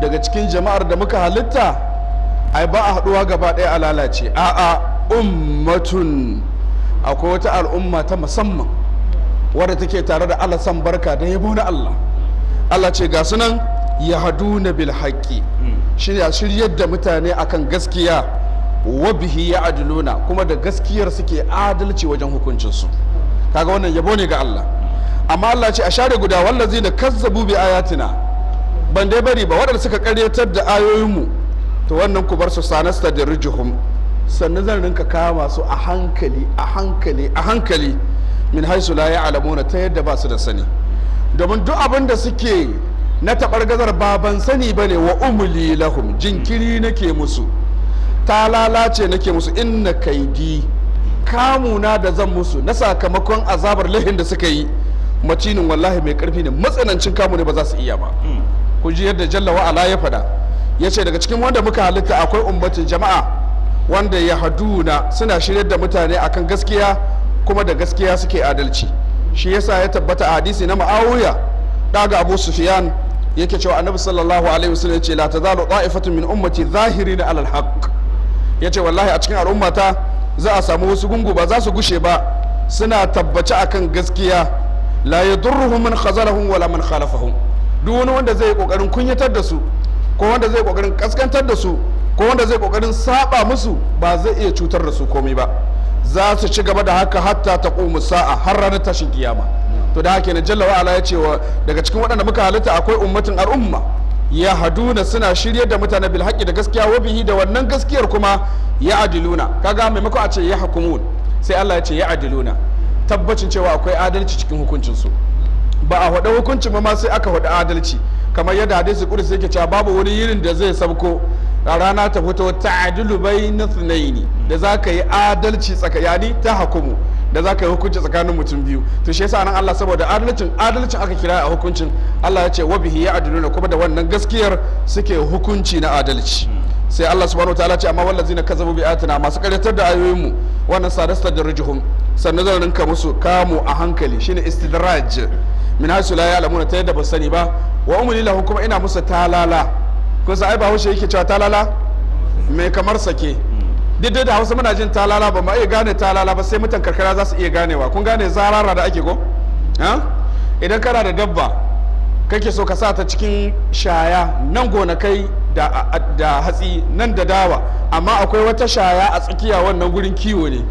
daga cikin jama'ar da muka halitta ai ba a haduwa gaba ɗaya a lalace a'a ummatun akwai wata al'umma ta musamman wadda take tare da Allah san barka da yabo na Allah Allah ce ga sunan na bil haƙƙi shirya shiryar da mutane akan gaskiya wa bihi ya adiluna kuma da gaskiyar suke adalci wajen hukuncinsu kaga wannan yabo ne ga Allah amma Allah ce a share guda wallazi da kazzabu bi ayatina ban dai bari ba waɗanda suka karyatar da ayoyinmu to wannan ku bar su sanasta da rijuhum sannan zan rinka kama su a hankali a hankali a hankali min haisu la ya'lamuna ta yadda ba su da sani domin duk abin da suke na tabar gazar ba ban sani bane wa umli lahum jinkiri nake musu ta lalace nake musu inna kaidi kamuna da zan musu na sakamakon azabar lahin da suka yi macinin wallahi mai karfi ne matsanancin kamu ne ba za su iya ba hmm. ku ji yadda jalla wa'ala ya fada ya ce daga cikin wanda muka halitta akwai ummatin jama'a wanda ya haduna suna shirya da mutane akan gaskiya kuma da gaskiya suke adalci shi yasa ya tabbata a hadisi na ma'awuya daga abu sufiyan yake cewa annabi sallallahu alaihi wasallam yace la tazalu ta'ifatun min ummati zahirin alal Ya yace wallahi a cikin al'ummata za a samu wasu gungu ba za su gushe ba suna tabbace akan gaskiya la durruhu man khazalahum wala man khalafahum duk wani wanda zai kokarin kunyatar da su ko wanda zai kokarin kaskantar da su ko wanda zai kokarin saba musu ba zai iya cutar da su komai ba za su ci gaba da haka hatta ta ƙumu sa'a har ranar tashin kiyama to da haka ne jalla ala ya ce daga cikin waɗanda muka halitta akwai ummatin al'umma ya haduna suna shirye da mutane bil haqqi da gaskiya wa bihi da wannan gaskiyar kuma ya adiluna kaga maimako a ce ya hukumun sai Allah ya ce ya adiluna tabbacin cewa akwai adalci cikin hukuncinsu ba a hudu hukunci ma sai aka hudu adalci kamar yadda hadisi sai yake cewa babu wani yirin da zai sabko a rana ta fito ta ta'adilu na thnaini da za ka yi adalci tsakayani ta hakumu da za ka yi hukunci tsakanin mutum biyu to shi yasa nan Allah saboda adalcin adalcin aka kira a hukuncin Allah ya ce wa bihi ya'diluna kuma da wannan gaskiyar suke hukunci na adalci sai Allah subhanahu wataala ce amma ka kazzabu bi ayatina masu karyatar da ayoyinmu wannan sadasta da rujuhum sannan zan rinka musu kamu a hankali shine istidraj min hasu la ya'lamuna ta yadda ba sani ba wa umli lahu kuma ina musu talala ko sai ba hushe yake cewa talala mai kamar sake duk da hausa muna jin talala ba ma iya gane talala ba sai mutan karkara za su iya ganewa kun gane zarara da ake ko idan kana da dabba kake so ka sa ta cikin shaya nan gonakai da, hatsi nan da dawa amma akwai wata shaya a tsakiya wannan gurin kiwo ne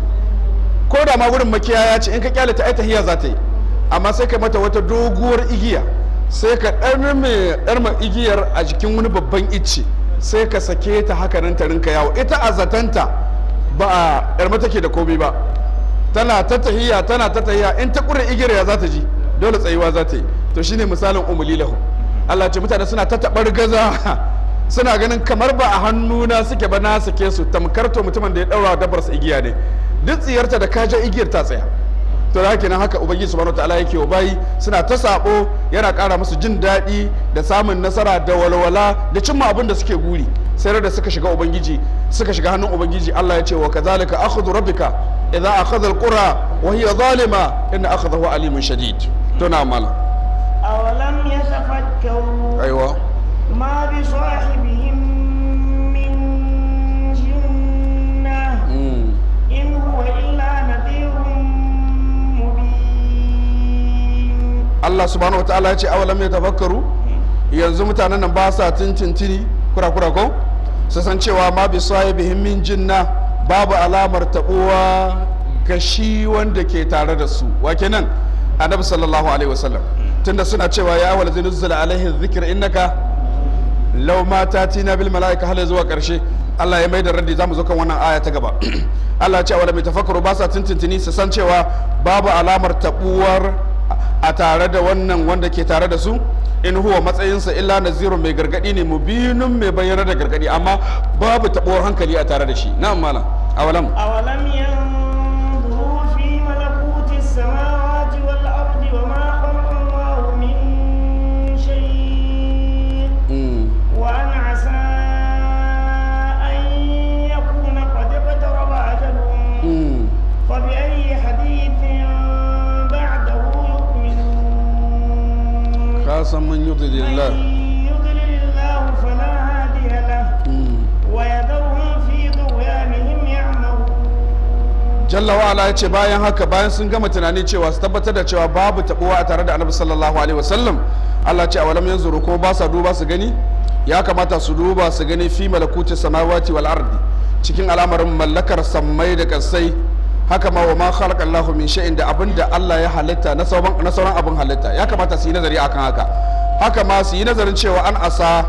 ko da ma gurin makiyaya ce in ka kyale ta aita hiya za ta yi amma sai ka mata wata doguwar igiya sai ka ɗarma igiyar a jikin wani babban icce sai ka sake ta haka nan ta rinka yawo ita a zatanta ba a ɗarma take da komai ba tana ta tahiya tana ta tahiya in ta ƙure igiyar ya za ta ji dole tsayuwa za ta yi to shine misalin umuli lahu Allah ce mutane suna ta tabar gaza suna ganin kamar ba a hannu na suke ba na suke su tamkar to mutumin da ya daura dabar sa igiya ne duk tsiyarta da kaja igiyar ta tsaya to da kenan haka ubangiji subhanahu wataala yake wa bayi suna ta sabo yana kara musu jin daɗi da samun nasara da walwala da cimma abin da suke guri sai da suka shiga ubangiji suka shiga hannun ubangiji Allah ya ce wa kazalika akhudhu rabbika idza akhadha alqura wa hiya zalima inna akhdahu alimun shadid tuna mana awalam tafakkaru, aiwa ma bi sahibihim min jinna in huwa illa nadhirun mubin Allah subhanahu wa ta'ala ya ce awalam yatafakkaru yanzu mutanen nan ba sa tintintini kura-kura ko su san cewa ma bi sahibihim min jinna babu alamar tabuwa ga shi wanda ke tare da su wa kenan annabi sallallahu alaihi wasallam tunda suna cewa ya wal zunzula alaihi dhikr innaka law ma tatina bil malaika hal zuwa karshe Allah ya mai da raddi zamu zo kan wannan aya ta gaba Allah ya ce wala mai tafakkaru ba sa tuntuntuni su san cewa babu alamar tabuwar a tare da wannan wanda ke tare da su in huwa matsayinsa illa nazirun mai gargadi ne mubinun mai bayyana da gargadi amma babu tabuwar hankali a tare da shi na'am malam awalam awalam ya عسى من يضلل الله يضلل الله فلا هادي له ويذرهم في yace bayan haka bayan sun gama tunani cewa su tabbatar da cewa babu tabuwa a tare da annabi sallallahu alaihi wasallam Allah ce awalam yanzuru ko ba sa duba su gani ya kamata su duba su gani fi malakuti samawati wal cikin al'amarin mallakar sammai da kasai haka ma wa ma khalaqa Allahu min shay'in da abinda Allah ya halitta na sauran na sauran abin halitta ya kamata su yi nazari akan haka haka ma su yi nazarin cewa an asa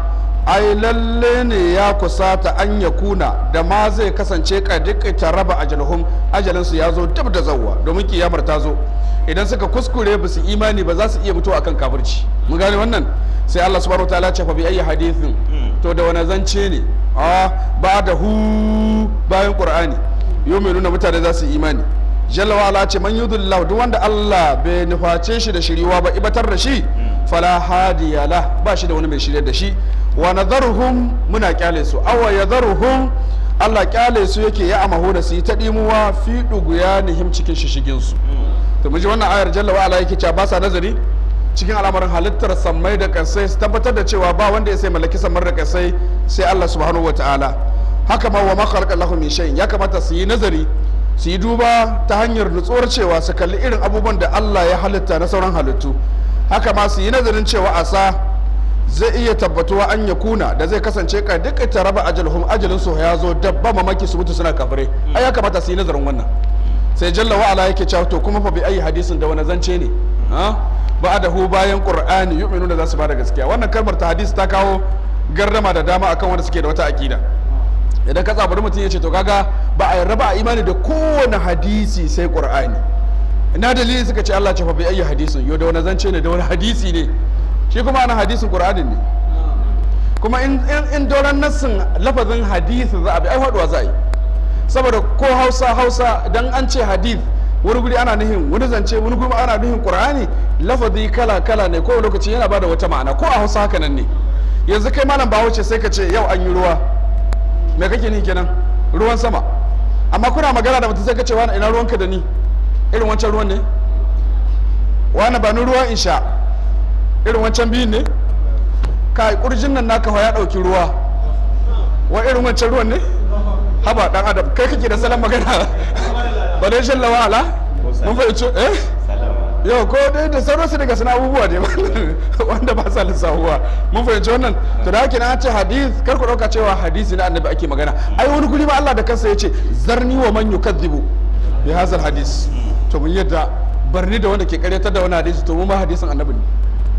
ai lalle ne ya kusata an ya kuna da ma zai kasance ka raba ajalhum ajalin su ya zo dab da zawwa domin kiyamar ta zo idan suka kuskure ba su imani ba za su iya mutuwa akan kafirci mun gane wannan sai Allah subhanahu wataala ya ce fa bi ayi hadithin hmm. to da wani zance ne a ah, ba da hu bayan qur'ani yau mai nuna mutane za su imani jalla wa ce man duk wanda Allah bai nuface shi da shiriwa ba ibatar da shi fala hadiya la ba shi da wani mai shirya da shi wa nadharuhum muna kyale su awa yadharuhum Allah kyale su yake ya amahu da su yi ta dimuwa fi duguyanihim cikin shishigin su to mu ji wannan ayar jalla wa ala yake cewa ba sa nazari cikin al'amarin halittar sammai da kasai su tabbatar da cewa ba wanda ya sai mallaki samar da kasai sai Allah subhanahu wataala haka ma wa makar ka min shay'in ya kamata su yi nazari su yi duba ta hanyar nutsuwar cewa su kalli irin abubuwan da Allah ya halitta na sauran halittu haka ma su yi nazarin cewa asa zai iya tabbatuwa an ya kuna da zai kasance ka duk ita raba ajalhum ajalin su ya zo dabba mamaki su mutu suna kafire ai ya kamata su yi nazarin wannan sai jalla wa ala yake cewa to kuma fa bi ayi hadisin da wani zance ne ba'adahu bayan qur'ani yu'minuna za su ba da gaskiya wannan kalmar ta hadisi ta kawo gardama da dama akan wanda suke da wata aqida idan ka tsabari mutum ya ce to kaga ba a yarda ba a imani da kowane hadisi sai qur'ani ina dalili suka ce Allah ce fa bi ayi hadisin yo da wani zance ne da wani hadisi ne shi kuma ana hadisin qur'anin ne kuma in in doran nassin lafazin hadisi za a bi ai haduwa za a yi saboda ko hausa hausa dan an ce hadis wani guri ana nuhin wani zance wani guri ana nuhin qur'ani lafazi kala kala ne ko lokaci yana bada wata ma'ana ko a hausa haka nan ne yanzu kai malam ce sai ka ce yau an yi ruwa me kake ni kenan ruwan sama amma kuna magana da mutum sai ka ce ina ruwanka da ni irin wancan ruwan ne wani ba ni ruwan in sha irin wancan biyun ne yi kurjin nan naka ya dauki ruwa wa irin wancan ruwan ne haba dan adam kai kake da salon magana ba dai shan lawala mun fahimci eh yau ko dai da sauransu daga suna abubuwa ne wanda ba sa lissahuwa mun fahimci wannan to da ake na ce hadith kar ku dauka cewa hadisi na annabi ake magana ai wani guri ma Allah da kansa ya ce zarni wa man yukadzibu bi hazal hadis to mun yadda barni da wanda ke karyatar da wani hadisi to mu ma hadisin annabi ne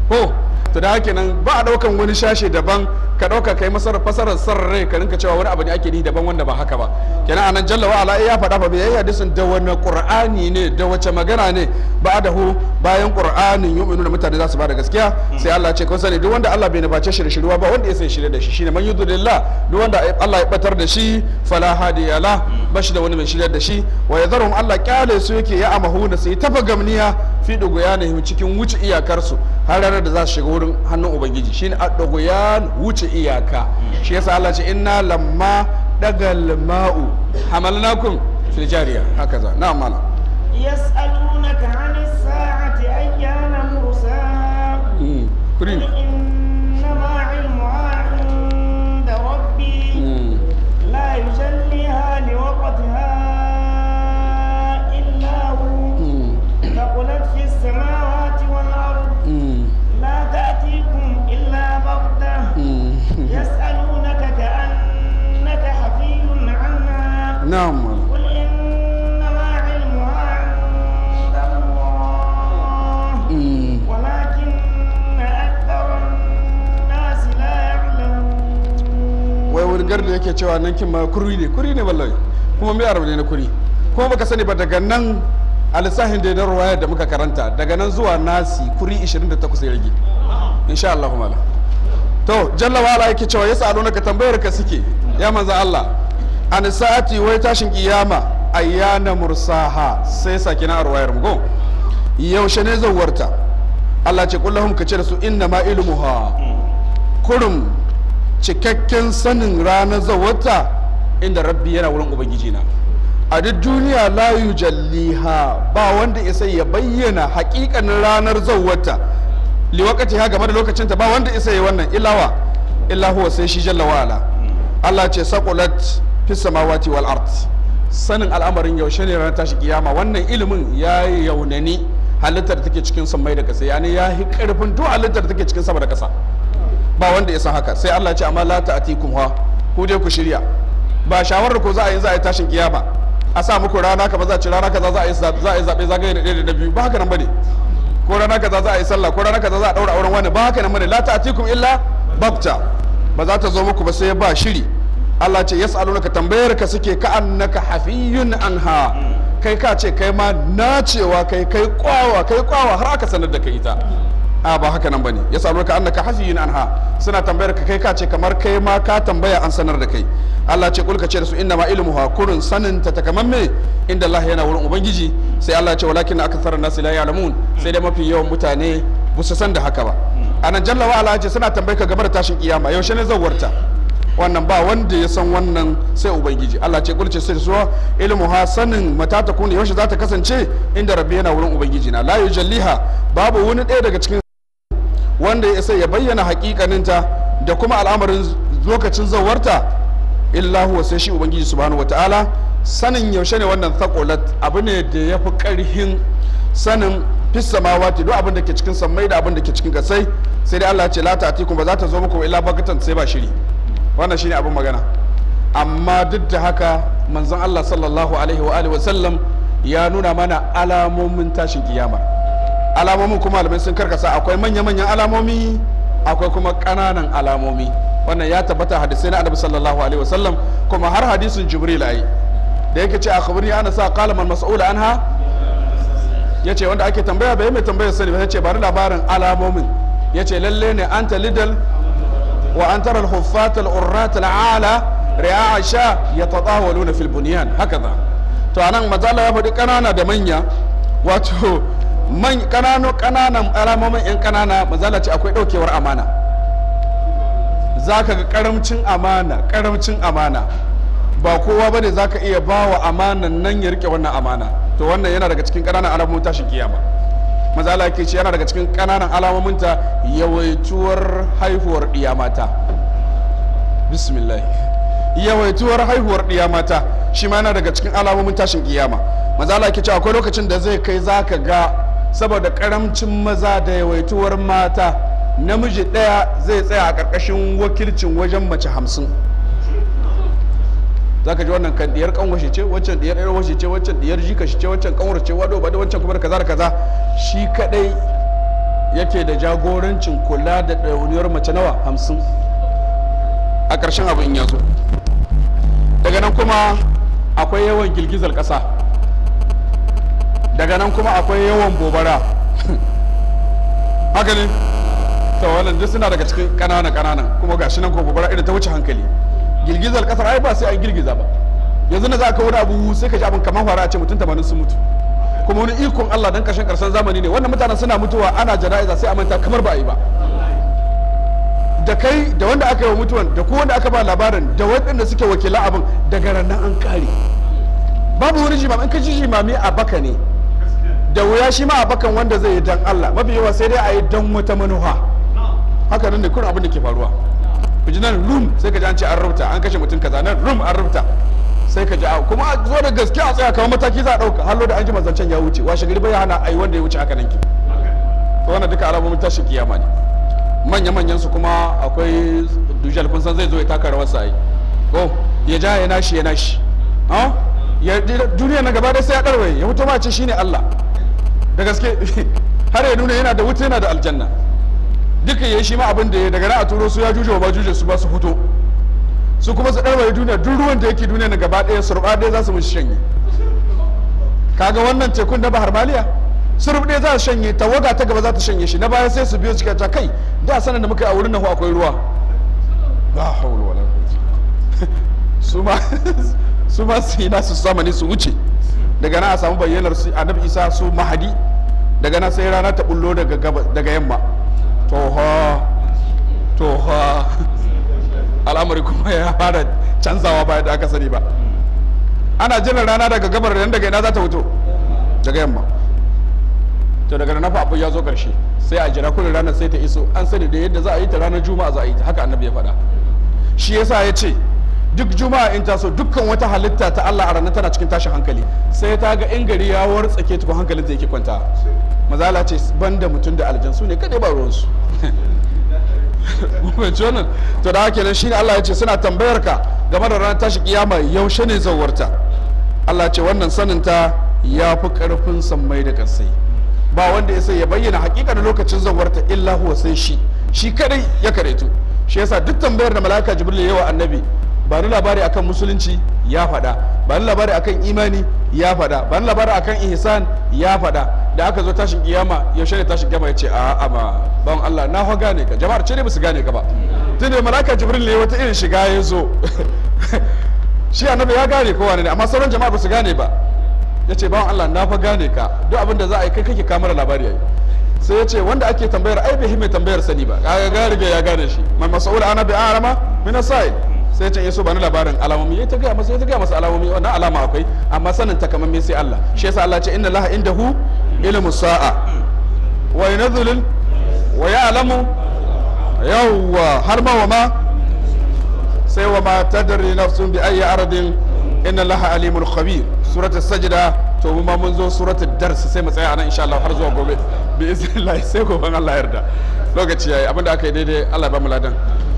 ko to da haka nan ba a daukan wani shashe daban ka dauka kai masar fasarar sarre ka rinka cewa wani abu ne ake ni daban wanda ba haka ba kenan anan jalla wa ala ya faɗa fa bi yayya hadisin da wani qur'ani ne da wace magana ne ba da hu bayan qur'anin yu'minu da mutane za su ba da gaskiya sai Allah ya ce kun sani duk wanda Allah bai nabace shi shiruwa ba wanda ya sai shirye da shi shine man yudlillah duk wanda Allah ya batar da shi fala hadiya la bashi da wani mai shirye da shi wa yadharum Allah kyale su yake ya amahuna sai tafa gamniya fi ne cikin wuce su har ranar da za su shiga wurin hannun ubangiji shine ad-dughyan wuce iyaka shi yasa Allah ce inna lamma dagal ma'u hamalnakum fil jariya haka hakaza na'am mala yas'alunaka 'anis sa'ati ayyana mursaha kurin إنما علمها عند ربي لا يجل يسألونك كأنك حفي نعم قل إنما yake cewa nan kin kuri ne kuri ne wallahi kuma mai arabu ne na kuri kuma baka sani ba daga nan a da na ruwaya da muka karanta daga nan zuwa nasi kuri 28 ya rage insha Allah Allah to jalla wala yake cewa ya tsaro naka tambayar ka suke ya manzan Allah a nisa'ati wai tashin kiyama ayyana mursaha sai saki na arwayar mu yaushe ne zawarta Allah ce kullahum ka ce da su inna ma ilmuha kurum cikakken sanin ranar zawarta inda rabbi yana wurin ubangiji na a duk duniya layu jalliha ba wanda isa ya bayyana hakikanin ranar zawarta liwakati ha game da lokacin ta ba wanda isa yi wannan ilawa illahu wa sai shi jalla wa ala Allah ce saqulat fis samawati wal ard sanin al'amarin yaushe ne ran tashi kiyama wannan ilimin ya yi yaunani halittar da take cikin samai da kasa yani ya yi karfin duk halittar da take cikin sama da kasa ba wanda ya san haka sai Allah ce amma la ta'atikum ha ku dai ku shirya ba shawarar ko za a yi za a yi tashin kiyama a sa muku rana ka ba za a ci rana kaza za a yi zaɓe zagaye da ɗaya da biyu ba haka nan ba ne ko rana kaza za a yi sallah ko rana kaza za a daura auren wani ba haka nan bane la ta'tikum illa babta ba za ta zo muku ba sai ba shiri Allah ce yas'alunaka tambayar ka suke ka annaka hafiyun anha kai ka ce kai ma cewa kai kai kwawa kai kwawa har aka sanar da kai ita a ba haka nan bane ya samu ka annaka hafiyin anha suna tambayar ka kai ka ce kamar kai ma ka tambaya an sanar da kai Allah ce kulka ce da su inna ma ha kurun sanin ta takamamme inda Allah yana wurin ubangiji sai Allah ce walakin aktharun nasi la ya'lamun sai dai mafi yawan mutane ba su san da haka ba anan jalla wa Allah ce suna tambayar ka game da tashin kiyama yaushe ne zawarta wannan ba wanda ya san wannan sai ubangiji Allah ce kulce sai suwa ilmu ha sanin mata ta kuni yaushe za ta kasance inda rabbi yana wurin ubangiji na la yujalliha babu wani ɗaya daga cikin wanda ya sai ya bayyana hakikaninta da kuma al'amarin lokacin zawarta illahu sai shi ubangiji subhanahu wataala sanin yaushe ne wannan thaqulat abu ne da ya fi karhin sanin fis samawati duk abin da ke cikin sammai da abin da ke cikin kasai sai dai Allah ce la ta'tikum ba za ta zo muku illa bagatan sai ba shiri wannan shine abin magana amma duk da haka manzon Allah sallallahu alaihi wa alihi wa sallam ya nuna mana alamomin tashin kiyama alamomin kuma malamai sun karkasa akwai manya-manyan alamomi akwai kuma ƙananan alamomi wannan ya tabbata hadisai na annabi sallallahu alaihi wasallam kuma har hadisin jibril ayi da yake ce akhbirni ana sa qala man mas'ul anha yace wanda ake tambaya bai mai tambaya sani ba yace bari labarin alamomin yace lalle ne anta lidal wa antara al-huffat al-urrat al-ala ri'a sha yatatawaluna fil bunyan hakaza to anan mazala ya faɗi ƙanana da manya wato man ƙanano ƙananan alamomin yan ƙanana manzala ce akwai ɗaukewar amana za ka ga karamcin amana karamcin amana ba kowa ba ne za ka iya ba wa amanan nan ya rike wannan amana to wannan yana daga cikin ƙananan alamomin tashin kiyama mazala ke ce yana daga cikin ƙananan ta yawaituwar haihuwar ɗiya mata bismillah yawaituwar haihuwar ɗiya mata shi ma yana daga cikin alamomin tashin kiyama mazala ke ce akwai lokacin da zai kai za ka ga saboda karamcin maza da yawaituwar mata namiji ɗaya zai tsaya a ƙarƙashin wakilcin wajen mace hamsin za ka ji wannan kan diyar kanwashe ce waccan diyar yar washe ce waccan diyar jika ce waccan kanwar ce wado ba da waccan kuma da kaza da kaza shi kadai yake da jagorancin kula da dauniyar mace nawa hamsin a ƙarshen abin ya daga nan kuma akwai yawan girgizar ƙasa daga nan kuma akwai yawan bobara haka ne tawalan duk suna daga cikin ƙananan ƙananan kuma gashi nan ko gobara irin ta wuce hankali girgizar kasar ai ba sai an girgiza ba yanzu na za ka wani abu sai ka ji abin kamar fara a ce mutum tamanin sun mutu kuma wani ikon Allah dan kashin karshen zamani ne wannan mutanen suna mutuwa ana jana'iza sai a manta kamar ba a yi ba da kai da wanda aka yi wa mutuwan da ko wanda aka ba labarin da waɗanda suke wakila abin daga ranar an kare babu wani jimami in ka ji jimami a baka ne da wuya shi ma bakan wanda zai yi dan Allah mafi yawa sai dai a yi dan wata manuha haka nan ne kun abin da ke faruwa ku ji nan rum sai ka ji an ce an rubuta an kashe mutum kaza nan rum an rubuta sai ka ji a ah, kuma a zo da gaske a tsaya kamar mataki za a ɗauka hallo da an ji mazancen ya wuce washe gari bai hana yi wanda ya wuce haka nan ki to wannan duka alamomin tashin kiyama ne manya-manyan su kuma akwai dujal kun san zai zo ya taka rawar sa ko ya ja ya nashi ya nashi duniya na gaba dai sai ya ɗarwaye ya mutu ma ce shine Allah da gaske har ya nuna yana da wuta yana da aljanna duka ya shi ma abin da ya daga na a turo su ya juje ba juje su ba su fito su kuma su ɗarwaye duniya duk ruwan da yake duniya na gaba ɗaya surɓa ɗaya za su mushi shanye kaga wannan tekun na bahar maliya surɓ ɗaya za su shanye tawaga ta gaba za ta shanye shi na baya sai su biyo cikin ta kai da sanar da muka a wurin nahu akwai ruwa ba haula wala su ma su ma su yi nasu zamani su wuce daga nan a samu bayyanar su annabi isa su mahadi daga nan sai rana ta bullo daga yamma toha toha al'amari kuma ya fara canzawa bayan da aka sani ba ana jiran rana daga gabar da daga ina za ta fito daga yamma to daga nan fa abu ya zo karshe sai a jira kullum ranar sai ta iso an sani da yadda za a yi ta ranar juma'a za a yi ta haka annabi ya faɗa shi yasa ya ce duk juma'a in taso dukkan wata halitta ta Allah a ranar tana cikin tashin hankali sai ta ga in gari ya ke tukun hankalin da yake kwanta mazala ce ban da mutum da aljan su ne kadai ba ruwansu to da haka nan shine Allah ya ce suna tambayar ka game da ranar tashi kiyama yaushe ne zawarta Allah ce wannan sanin ta ya fi karfin sammai da kasai ba wanda ya sai ya bayyana hakikar lokacin zawarta illa huwa sai shi shi kadai ya karetu shi yasa duk tambayar da mala'ika jibril wa annabi ba ni labari akan musulunci ya faɗa ba ni labari akan imani ya faɗa ba ni labari akan ihsan ya faɗa da aka zo tashin kiyama yaushe ne tashin kiyama ya ce a'a ba ban Allah na fa gane ka jama'ar ce ne su gane ka ba tunda malaka jibril ne wata irin shiga ya zo shi annabi ya gane kowa ne amma sauran jama'a ba su gane ba ya ce ban Allah na fa gane ka duk abin da za a yi kai kake kamar labari yayi sai ya ce wanda ake tambayar ai bai mai tambayar sani ba ga ga riga ya gane shi mai masaul ana arama min asai sai can yaso bani labarin alamomi ya ta gaya masa ya ta gaya masa alamomi wannan alama akwai amma sanin ta kamar me sai Allah shi yasa Allah ya ce inna laha indahu ilmu sa'a wa yanzulul wa ya'lamu yawwa har ma wa ma sai wa ma tadri nafsun bi ayyi ardin inna laha alimul khabir surata sajda to mu ma mun zo suratul dars sai mu tsaya anan insha Allah har zuwa gobe bi iznillah sai gobe Allah yarda lokaci yayi abinda aka yi daidai Allah ba mu ladan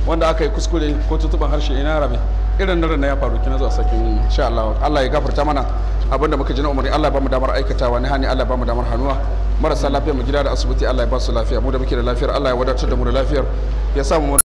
wanda aka yi kuskure ko tutuban harshe ina rabe irin nan na ya faru kina zuwa sakin insha Allah Allah ya gafarta mana abinda muka ji na umarni Allah ba mu damar aikatawa ne hani Allah ba mu damar hannuwa marasa lafiya mu gida da asibiti Allah ya ba su lafiya mu da muke da lafiyar Allah ya wadatar da mu da lafiyar ya samu